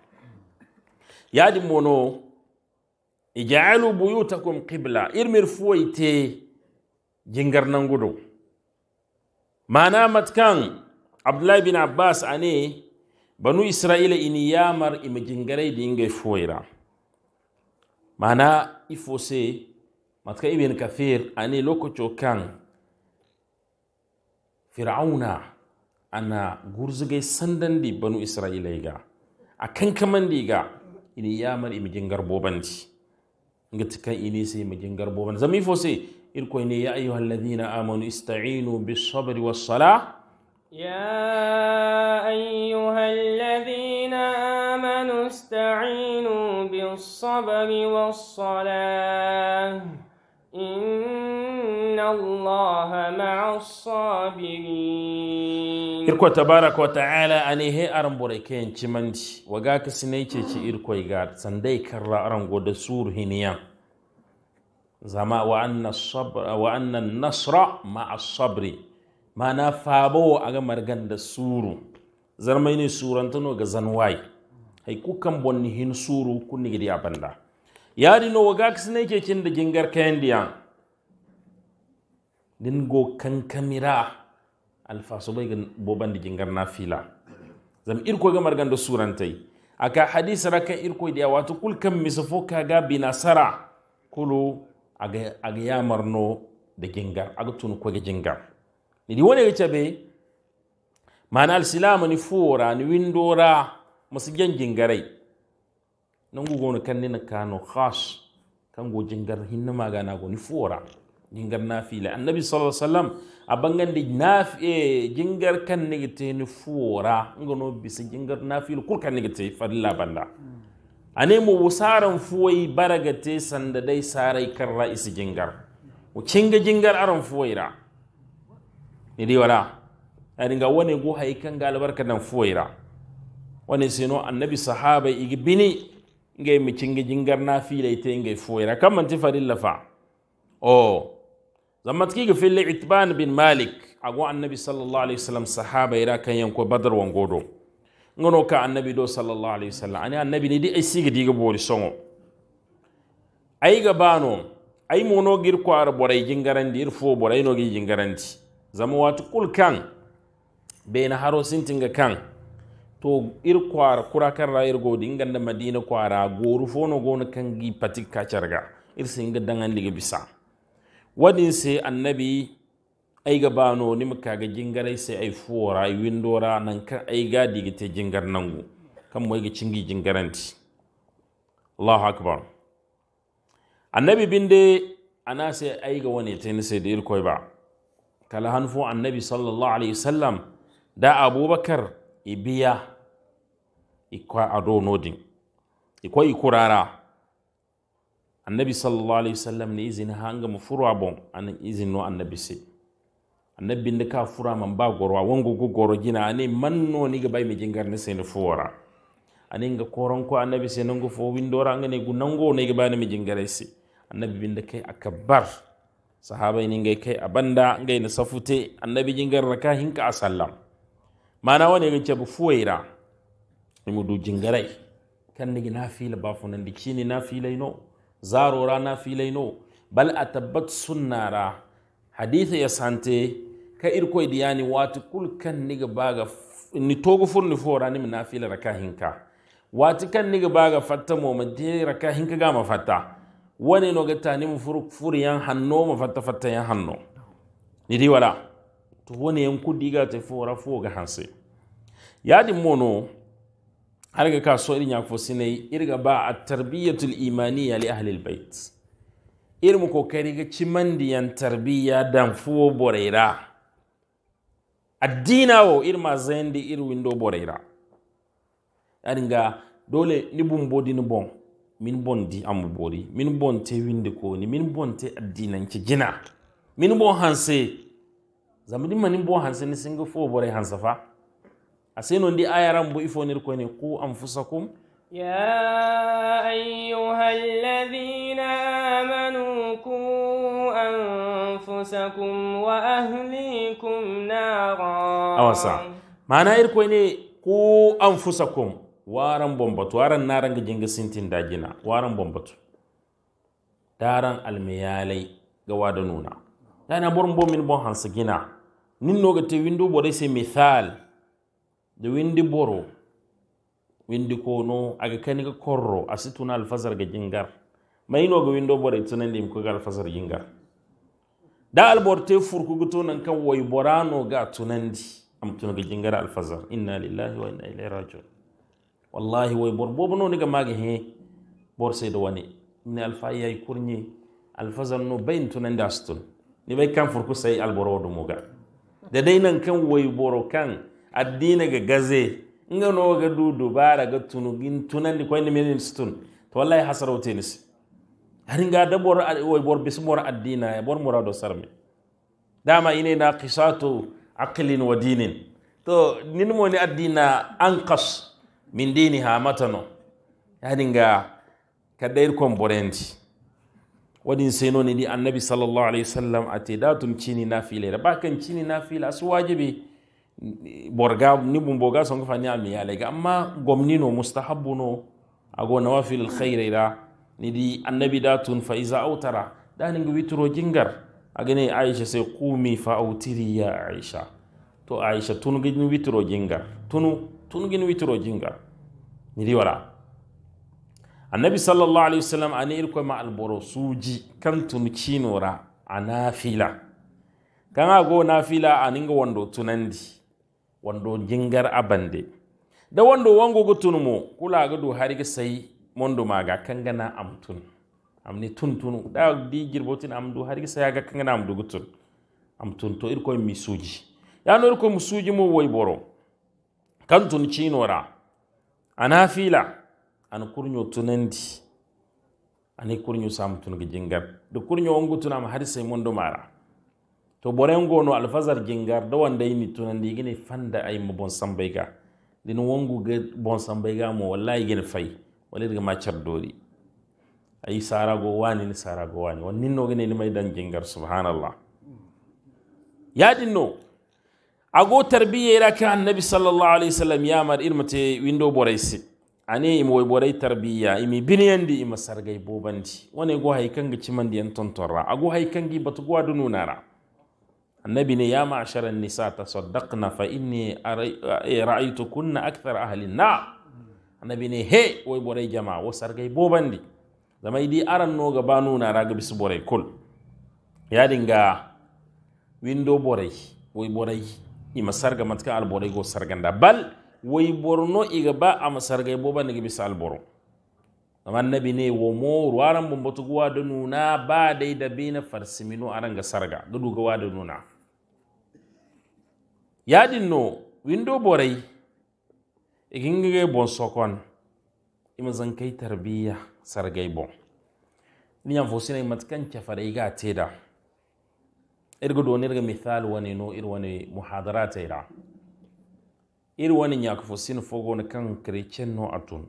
yadi mono ij'alu buyutakum qibla irmir fuwaite jingar nan gudu mana matkan abdullahi bin abbas ane banu isra'ila ini yamar ima jingarai da ingai mana ifose matka ibn kafir ane lokaco kan fir'auna ana gurzugai sandandi banu isra'ila ga a kankaman diga ini yamar imi jengar bobanti ngati kan ini si imi jengar boban zami fosi sai irko ne ya ayuhal ladhina amanu ista'inu bis sabri was salah ya ayuhal ladhina amanu ista'inu bis sabri was salah irko tabaraka wa ta'ala ani he aran burai kayan cimanti wa ga ka sinai ce ci irko ga sandai karra aran gode suru hiniya zama wa nasra ma a sabri ma na fabo a ga margan da suru zarmai ne surantano ga zanwai haiku kan bonnihin suru kunni gidi a banda yadi no waga kisne ke kin da gingar diyan. din go kankamira alfaso bai gan boban da gingar na fila zam irko ga margan da surantai aka hadis raka irko da wato kul kan misafo kaga binasara kulu aga aga marno da gingar aga tun ko ga gingar ni wani ga tabe mana silama ni fura ni windora masu gen gingarai nangu na kan nina kano khas kan go jingar hinna magana go ni fora jingar nafila annabi sallallahu alaihi wasallam abangan de naf e jingar kan ni te ni fora ngono bisa jingar nafil kul kan ni te fadilla banda ane mu wusaran fuwai baragate sanda dai sarai kan ra'isi jingar U cinga jingar aran fuwaira ni di wala ani ga wani go haikan ga albarka nan fuwaira wani sino annabi sahaba igbini bini nge mi cingi na fila ite nge fuwera kamman ti farilla fa o zamatki ga fili itban bin malik ago annabi sallallahu alaihi wasallam sahaba ira kan yanko badar wangodo ngono ka annabi do sallallahu alaihi wasallam ani annabi ne di ay sigi diga bori songo ay ga bano ay mono gir ko ar boray jingarandi ir fo boray no gi jingarandi zama watu kul kan bena haro sintinga kan to ir kwara kura kan ir godi da madina kwara goru fono gona kan gi pati kacarga ir ga dangan liga bisa wadin sai annabi ai ga bano nim kaga jingarai sai ai fora ay windora nan kan ai ga te jingar nangu kan moy ga cingi jingaranti allahu akbar annabi binde ana sai ai ga wani tani sai da ir koy ba kala hanfu annabi sallallahu alaihi wasallam da abubakar ibia ikwa ado nodin ikwa ikurara annabi sallallahu alaihi wasallam ne izini hanga mu furwa bon anan izin no annabi se annabi ne ka fura man ba gorwa wango go goro gina ane manno ni ga bai mi jingar ne sai ne fuwara ane ga koron ko annabi se nango fo windora ngane gu nango ne ga bai mi jingare se annabi bin da kai akbar sahabai ne ngai kai abanda ngai na safute annabi jingar raka hinka a sallam mana wani ga cebu fuwaira mu du jingarai kan ni na fila ba funan di kini na filai no zarora na filai no bal a tabbat sunnara haditha ya sante ka irko diyani wata kul kan ni ga ni togo furni fora ni na fila raka hinka wata kan ni ga fatta mu ma de raka hinka ga ma fatta wani no ga tani mu furu furiyan hanno ma fatta fatta yan hanno ni di wala to wone yen kuddiga te wara fo ga hanse yadi mono alga ka so irin yakfo sinai irga ba a tarbiyatul ya li ahli albayt irmu ko kari ga cimandiyan tarbiya dan fuwo boreira addina wo irma zayandi irin windo boreira nga dole ni bumbodi ni bon min bon di amu bori min bon te ko koni min bon te addinance jina min bon hanse zama manin bo hansi ni singa fo bore hansa fa asino ndi ayaran bo ifo nir ko ne ku anfusakum يا أيها الذين آمنوا قوا أنفسكم وأهليكم نارا أوسع معنى Waran إني قوا أنفسكم وارن بومبت وارن نارن جنگ سنتين داجنا وارن gawa دارن الميالي قواد نونا burin بورن بوهان سجنا nin noga te windo bore se mithal de windi boro windi kono a aga kani ga korro a asituna alfazar ga jingar mai noga windo bore tunandi ko ga alfazar jingar da te furku guto nan kan way borano ga tunandi am tuna ga jingar alfazar inna lillahi wa inna ilaihi raji'un wallahi way bor bobo no ni ga magi he bor se do wani ni alfa yayi kurni, alfazar no bayin tunandi astun ni bai kan furku sai alboro do ga. da dai nan kan waiboro kan addina ga gaze nga nawa ga ba dubara ga tunu gin tunan ni koy ni menin stun to wallahi ne su har nga da bor waibor mora addina ya bor murado sarmi dama ine na qisatu aqlin wa dinin to nin mo ni addina anqas min dini ha matano ya nga kadayir komborendi wadin seno ni di annabi sallallahu alaihi wasallam da datum chini nafile da bakan chini nafila su wajibi borga ni bun boga son fa ni miya yale amma gomni no mustahabbu no ago nawafil alkhair da ni di annabi datun fa iza autara danin ngi witro jingar A gane aisha sai qumi fa autiri ya aisha to aisha tun gin witro jingar tunu tun gin witro jingar ni di wala annabi sallallahu alaihi wasallam ani irko ma alboro suji kan tun nora a nafila kan ago nafila ninga wando tunandi wando jingar abande da wando wango go tunmo kula ga do hariga sai mondo maga kangana amtun amni tun. da di girbotin amdu hariga sai ga kangana amdu gutun amtun to irko mi suji ya no irko mu suji mo woy boro kan tun nora a nafila an kurnyo tunandi ani kurnyo samu ga jingar da kurnyo ongu tunama hadis sai mondo mara to boren gono alfazar jingar da wanda yini tunandi gine fanda ay mo bon sambayga din wangu ge bon sambayga mo wallahi gine fay wala daga ma chardori ay sara go wani ni sara go wani wannin no gine ni mai dan jingar subhanallah ya no ago ira kan annabi sallallahu alaihi wasallam mar irmate window boraisi ane imo borai tarbiya imi di ima sargai bobandi wane go haikan ga cimandi yan tontorra ago haikan gi batu go adunu nara annabi ne ya ma'asharan nisa tasaddaqna fa inni eh, ra'aytu kunna akthar ahli na annabi ne he waiborai borai jama wo sargai bobandi zama idi aran no ga banu nara ga bisu borai kul ya dinga windo borai waiborai borai ima sarga matka al borai go sarganda bal way borno iga ba ama ba? boba nigi bisal boro amma nabi ne wo moru aran bumbotu guwa da nuna ba dai da bina farsimino a ga sarga gudu gawa da nuna yadin no windo borai Ikin gige bon sokon ima zan kai tarbiya sargai bon ni yan fosina matkan kafara iga teda irga nirga misal wani no irwani muhadarata ira iri wani kafa fo fogo na kan chrétien no atun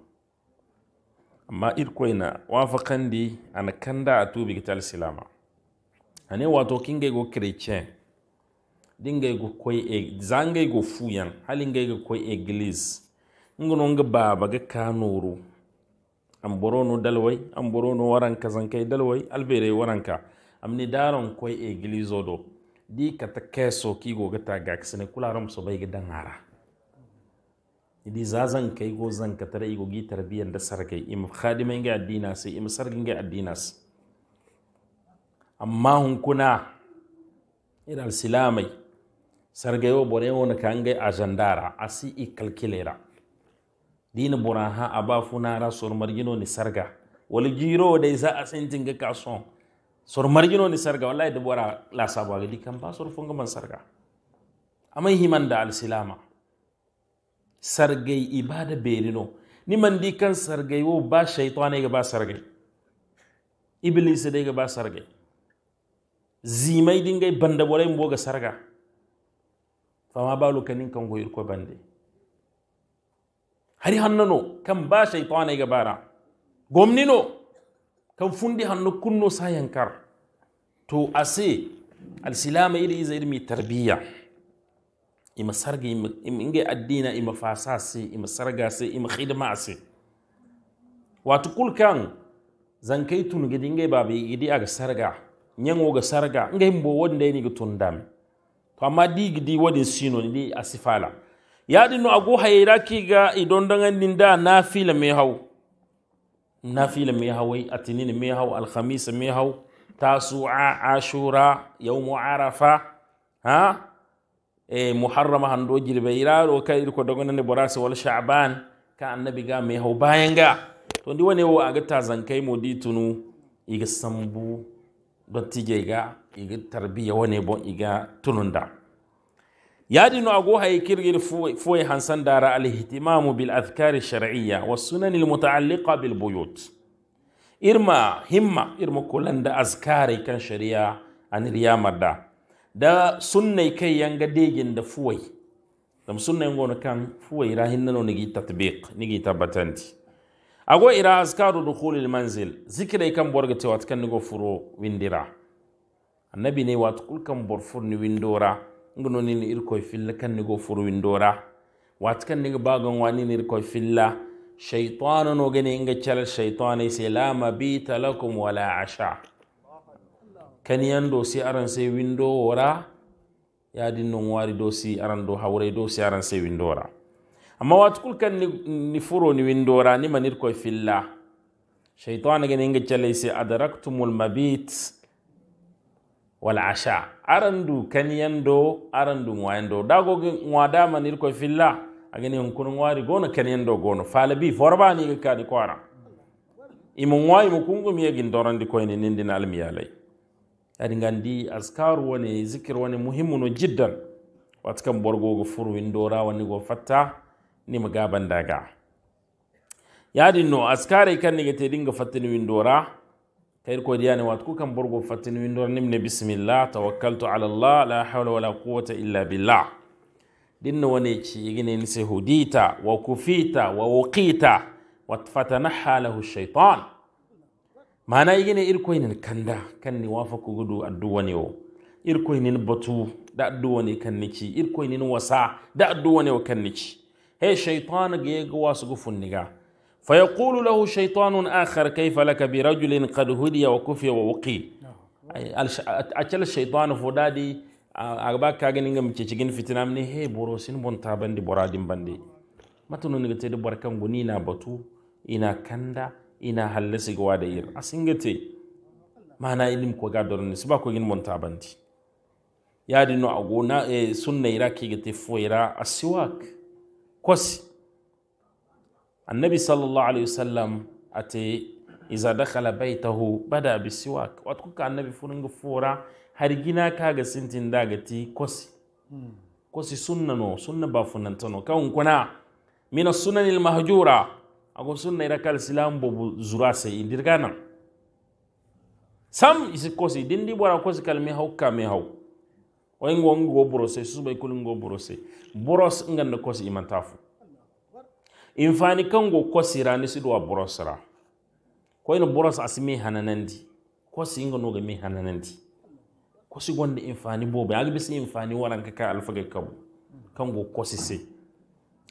amma ir koyna wafakandi ana kanda a tubi gital silama ane wato kingay go ga dingay go koy e ga go fuyan ga go koy église e ngono nga baba ga kanuru am borono dalway am borono waranka zankay e dalway albere e waranka amni daron koy église odo di kata keso kigo gata gaksene kularam so bay ga idi za zan kai go zan ka tare igo gi tarbiyyar da sarkai im khadimen ga addina sai im sarkin ga addina amma hun kuna iral silamai sargayo bore wona jandara ajandara asi i kalkilera dina bora ha aba ra sor margino ni sarga wal jiro dai za a sentin ga kason sor margino ni sarga wallahi da bora la sabo ga dikan ba sor funga man sarga amai himan da al silama sargai ibada berino ni mandi kan sargai wo ba shaytane ga ba sargai iblis dai ga ba sargai zimai dingai banda borai mbo ga sarga ma balu kanin kan goyir ko bande hari hannano kan ba shaytane ga bara gomnino kan fundi hannu kunno sayankar to ase alsilama iri iza mi tarbiyya ima sarga inge addina ima fasase ima sargase ima khidmase watu kulkan zankai tun gidi inge babi gidi aga sarga nyango ga sarga inge mbo wonde ni ga tundam to amma di gidi wodin sino ni asifala yadi no ago hayra ki ga idondanga ninda na nafila me haw nafila me hawai atinin me haw khamis me haw tasu'a ashura yawm arafa ha e eh, muharrama hando jirbe iraro kai ko ne borase wal shaban ka annabi ga mai hau bayan ga to ndi wane wo aga tazankai mo di iga sambu tije ga iga tarbiya wani bo iga tununda yadi no ago hay kirgir foye hansan dara ihtimam bil adhkari shar'iyya was sunan al muta'alliqa bil buyut irma himma irma kulanda azkari kan shari'a an riya madda da kai sunnay degin da fuwai da sunnai ngono kan fuway ra hinnano nigi tatbiq nigi tabatanti ago ira azkaru dukhulil manzil zikray kan borga te wat kan nigo furo windira annabi ne wat kul kan bor furni windora ngono nin koy filla kan nigo furo windora wat kan nigo bagon wani nin irkoy filla shaytanu no inga chal shaytanu sai la mabita lakum wala asha kani yan do si aran sai windo wora din non wari do si aran do haure do si aran sai windo wara amma watu kul kan ni, ni furo ni windo wara ni manir koy filla shaytan ga ninga chalay se adraktumul mabit wal asha aran du kani yan do aran du wa do dago wa da manir koy filla agani kun wari gona kani yan do gona falabi forba ni ga di kwara imu ngwa imu ya gindoran di koy ni nindin almiyalai yani gandi askaru woni zikir woni muhimmuno jiddan wata kan borgogo furu windora woni go fatta nima gabandaga yadin no askare kan niga ta dinga ni windora kai ko diyani wata ku kan borgo ni windora nimne bismillah tawakkaltu ala allah la hawla wala quwwata illa billah dinna woni ci igine ni hudita wa kufita wa wuqita wa fatanaha lahu shaitan mana igene irkoynen kanda kan kanni gudu adduwanewo irkoynen batu da adduwane kannici irkoynen wasa da adduwanewo kannici he shaytan gufun niga funniga fayaqulu lahu shaytanun akhar kayfa laka birajulin qad hudiya wa kufiya wa wuqi acal shaytanu fo dadi agaba kaganingam cecigin fitinamni he boro sin bonta bandi boradin bandi matununiga kan guni na batu ina kanda ina hallasi ga wada ir asingate mana ilim ko ga dorni ba ko gin monta bandi yadi no agona e sunna ira ke gate foira asiwak kosi annabi sallallahu alaihi wasallam ate iza dakhala baitahu bada siwak wat ko annabi ga fora har gina ga sintin dagati kosi hmm. kosi sunna no sunna ba funantano kawun kuna min as-sunan al-mahjura agon sunna ira kal silam bobu zura sai indirga nan sam isi kosi dindi bora kosi kal me hawka me haw o ngo ngo borose subai kul ngo borose boros nganda kosi iman tafu in fani go kosi rani sidwa ra. ko ina boros hananan hananandi kosi ngo no ga me hananandi kosi gwanda in fani bobo ya bisi in fani kai ka alfaga Kan go kosi sai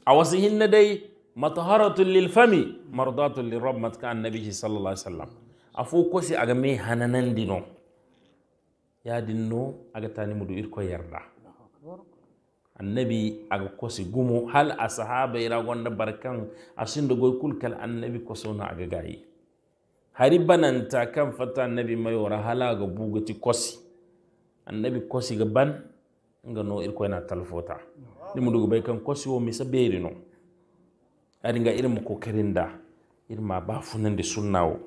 a wasu na dai mataharatun lil fami mardatun lil rabb matka annabi sallallahu alaihi wasallam afu kosi aga me hananan dino ya dinno aga tani mudu irko yarda annabi aga kosi gumo hal a sahaba ira gonda barkan a sun asinda goy kulkal annabi kosona aga gayi hari bananta kan fata annabi mayora hala ga bugati kosi annabi kosi ga ban nga no irko na talfota dimudu bai kan kosi wo misa berino no a dinga irin da irin ma bafunande sunnawo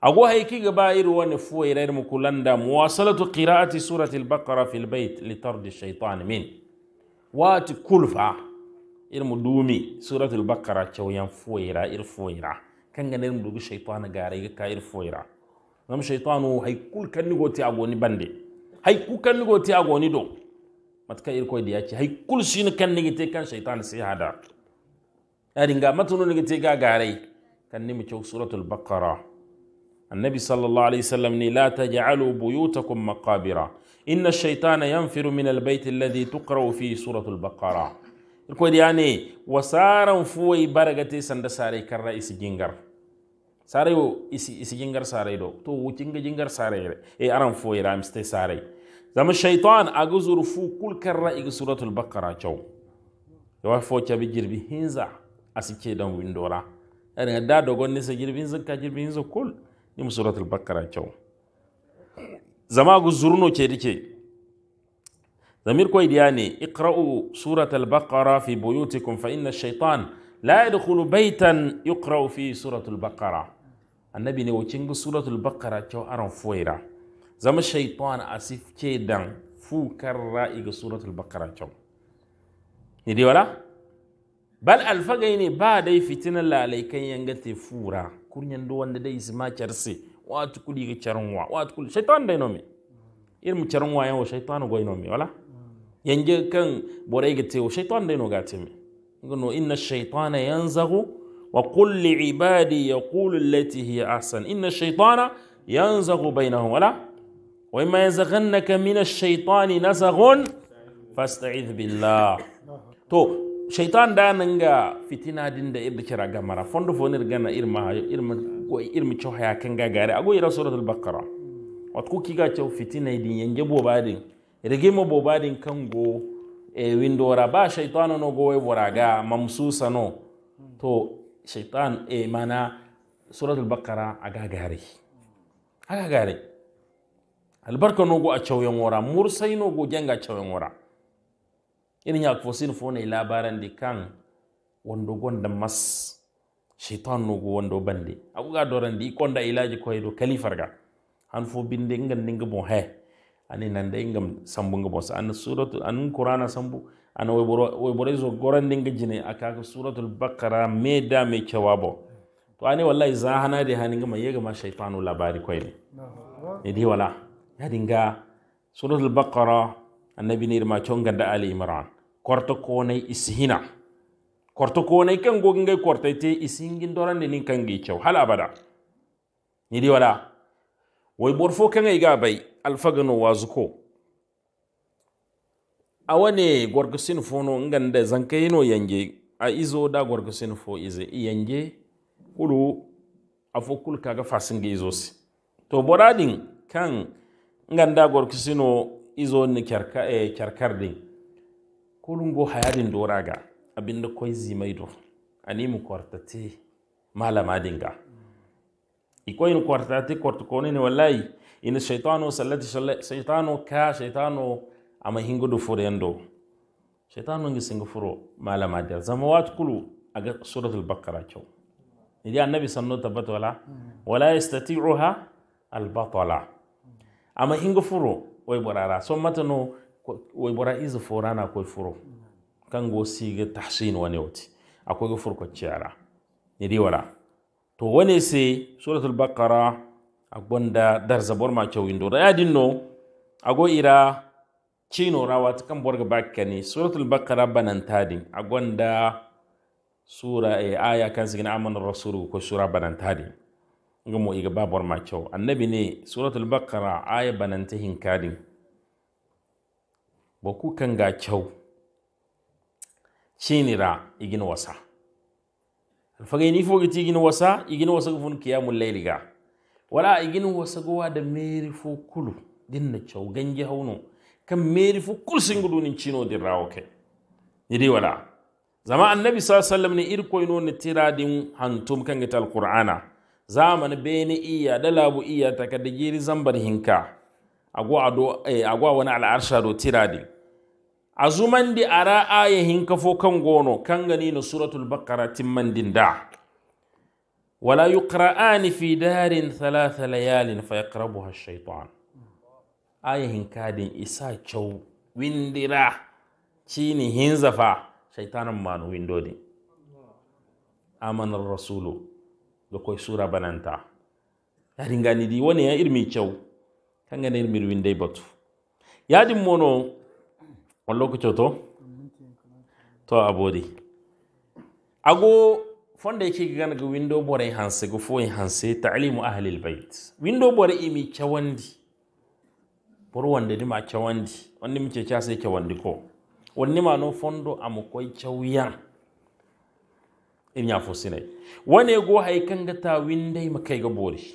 ago ga ba iri wani fuwa mu kulan da muwasalatu qira'ati surati fil fi albayt litardi shaitan min wati kulfa irin dumi surati albaqara yan fuwa ira ir fuwa ira kanga ne dubi shaytan ga iga ka ir fuwa ira ngam shaitanu kan ni goti agoni bande kan ni goti agoni do matka ir koy diya ci hay kul sino kan ni te kan shaytan si hada ari nga matunu ni te ga garai kan mi ci suratul baqara النبي صلى الله عليه وسلم لا تجعلوا بيوتكم مقابر إن الشيطان ينفر من البيت الذي تقرأ فيه سورة البقرة يقول يعني وسارا فوي برغتي سند ساري كرا إس جنجر ساري إس جنجر ساري دو تو وچنگ جنجر ساري إي أرام فوي رامستي ساري zama shaitan aga zurfu kul karra iga suratul baqara chaw yawa fo chabi jirbi hinza asike dan windora ada da dogon ne sa jirbi hinza ka jirbi hinza kul ni suratul baqara chaw zama aga zurno ce dike ضمير كويد يعني اقرأوا سورة البقرة في بيوتكم فإن الشيطان لا يدخل بيتا يقرأ فيه سورة البقرة النبي نوتشنغ سورة البقرة جو أرن فويرة zama shaitan a sifke dan fukar ra'i ga suratul bakara can ni dai wala bal alfagai ne ba dai fitinan lalai kan yanga te fura kunyan do wanda dai isma charse watu kuli ga charunwa watu kuli shaitan dai nome irin charunwa yawo shaitan goy nome wala yanje kan borai ga te shaitan dai no ga te me inna shaitana yanzagu وقل لعبادي يقول التي هي أحسن Inna shaitana ينزغ بينهم wala. wa imma yanzaghannaka minash shaitani nasaghun fasta'idh billah to shaitan da nan fitina din da ibda kira ga mara fondo fonir gana irma irma irma cho haya kan ga gare ago ira suratul baqara wat ku kiga cho fitina din yanje bobadin rege mo bobadin kan go e windora ba shaitan no go e boraga mamsusa no to shaitan e mana suratul baqara aga gare aga gare albarka nogo a cauyen wora mursai nogo jenga cauyen wora ina ya ku sin fo ne labaran di kan wondo gonda mas shaitan nogo wondo bande aku ga doran di konda ilaji ko do ga han fo binde ngan ninga bo he ani nan de ngam sambu ngabo sa an suratu an qur'ana sambu an way boro way boro zo goran ninga jine aka suratul baqara me da me cewabo to ani wallahi zahana de haninga mayega ma shaitanu labari ko ne ni di wala yadinga suratul baqara annabi ne ma da ali imran korto konay ishina korto konay kan gogingay kortayte isingin ne nin gi chaw hal abada di wala way borfo kan ga bay alfagano wazuko awane gorgo no nganda zankayino yange a izo da gorgo sinfo ize yange kulu afo kaga fasinge izosi to boradin kan ganda gorki sino izo ni kyarka eh, kyarkar din kulun go hayadin doraga abinda koi zimai do ani mu kwartate malama dinga ikoyin kwartate kwartukoni ne wallahi ina shaitano sallati shaitano ka shaitano ama hingudu furendo shaitano ngi singu furo malama da zama wat kulu aga suratul baqara kyau idi annabi sannu tabbata wala hmm. wala yastati'uha al batala amma inga furo oy borara so matano oy izu fura na kai furo kan go siga tahsin wani wuti. akwai ga furko ciara ne di wara to wani se suratul baqara agbonda ma kyau cewindo da yadin no ago ira cino rawa ta kan borga bakka ne suratul baqara banantadin agonda sura eh, aya kan sigina amana rasulu ko sura tadin ngamo iga babuwar ma kyau. annabi ne suratul baqara aya bananta hinkadin boku ga cew cinira igin wasa alfagai ni fogi igin wasa igin wasa gufun kiyamul layliga wala igin wasa gowa da meri fo kulu na cew ganje hauno kan meri fo kul singudu nin cino rawa kai. ni dai wala zama annabi sallallahu alaihi wasallam ne irko ino ne tiradin hantum kanga al qur'ana zamani bene iya da labu iya takada giri zambar hinka agwa ado eh, agwa wani al'arsha do tiradi azuman di ara aya hinka fo kan gono kan gani na suratul baqara timman din da wala yuqra'ani fi darin thalatha layalin fa yaqrabuha ash-shaytan aya hinka din isa chau windira chini hinzafa shaitanan manu windodi amanar rasulu da lokoy sura bananta yadi ngani di wani ya irmi cew kanga ne irmi dai batu ya yadi mono on lokaco to to abodi ago fonda yake ga ga window bore hanse go fo hanse ta'limu ahli albayt window bore imi cewandi bor wande di ma cewandi wonni mi ce ca sai cewandi ko wonni ma no fondo amukoi koy inya fosinai wane go hay kanga ta windai makai ga bori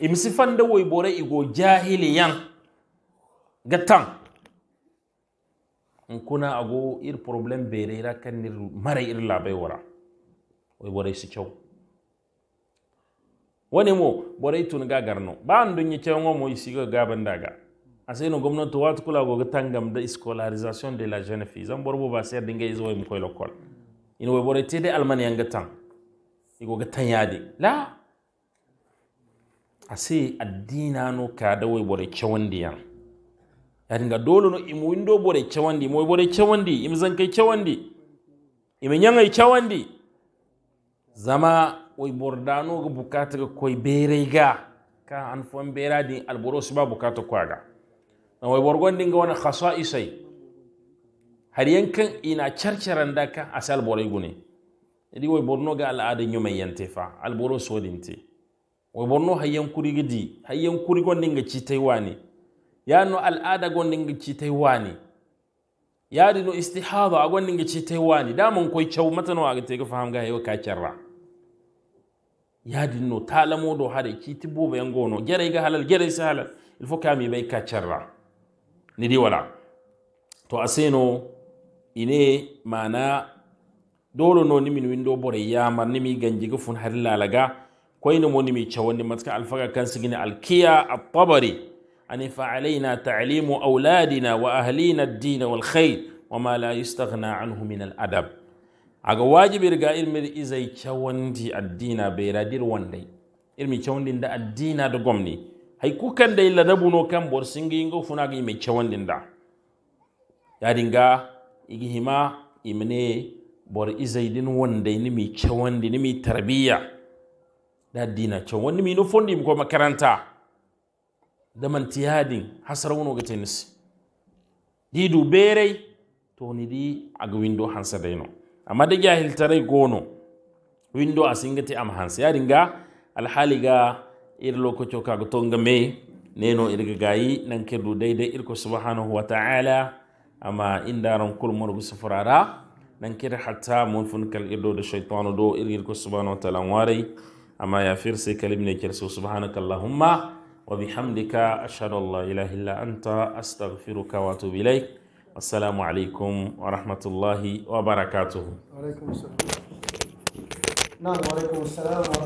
imsi fanda woy bore igo jahiliyan gatan in kuna ago ir problem bere ra kan nir mare ir labai wara Wai bore si cew wani mo bore tun ga garno ba an dunya cew ngo mo isi ga gaban daga asino gwamnati wata kula go ga gam da scolarisation de la jeune fille zan borbo ba sai dinga izo mu koy lokol ina wai bore tede almani yanga tan igo ga tan yade la ase addina no kada wai bore chawandi yan yadin ga dole no imu window bore chawandi mo bore chawandi im kai chawandi im nyangai chawandi zama way bordano ga bukata ga koi berey ga ka an fon beradi alboros ba bukata kwaga na wai borgon dinga wana khasa isai Har yankan ina carcaranda kan asi alborey gune idi wai borno ga al'ada mai yante fa alboro te wai borno hayyan kuri gidi hayyan kuri gondinga citay wani no al'ada gondinga citay wani di no istihada a gondinga citay wani daman koy caw matano aga tega faham ga hewa ka carra di no talamo do hade citi gono. yangono geray ga halal gerai sa halal ilfo faut kami bai ka carra di wala to a sai no. ine mana dole no nimin windo bore yamar nimi ganjiga fun har lalaga koyno no nimi ni matka alfaga kan sigini alkiya at-tabari ani fa alaina ta'limu auladina wa ahlina ad-din wal khair ma la yastaghna anhu min al-adab aga wajibi ga ilmi izai ad addina be radir wandai ilmi din da ad-dina da gomni hay kukan dai ladabu kan bor singi ngo mai chawon din da Ya dinga. igihima imne bor izaidin wonde ni mi cewandi ni mi tarbiya da dina cewandi mi no fondi ko makaranta da man tiyadi hasar wono ga di du berei to ni di aga windo hansa dayno amma da jahil tare gono windo asingati am hansa Ya yadinga alhaliga ir choka go tonga me neno irga gayi nan kedu dai irko subhanahu wa ta'ala أما إن دارم كل مرة بسفر أرا ننكر حتى من فنك الإردو دو شيطان دو إلغير سبحانه وتعالى واري أما يا فرسي كلمة كرسو سبحانك اللهم وبحمدك أشهد الله إله إلا أنت أستغفرك وأتوب إليك السلام عليكم ورحمة الله وبركاته وعليكم السلام نعم وعليكم السلام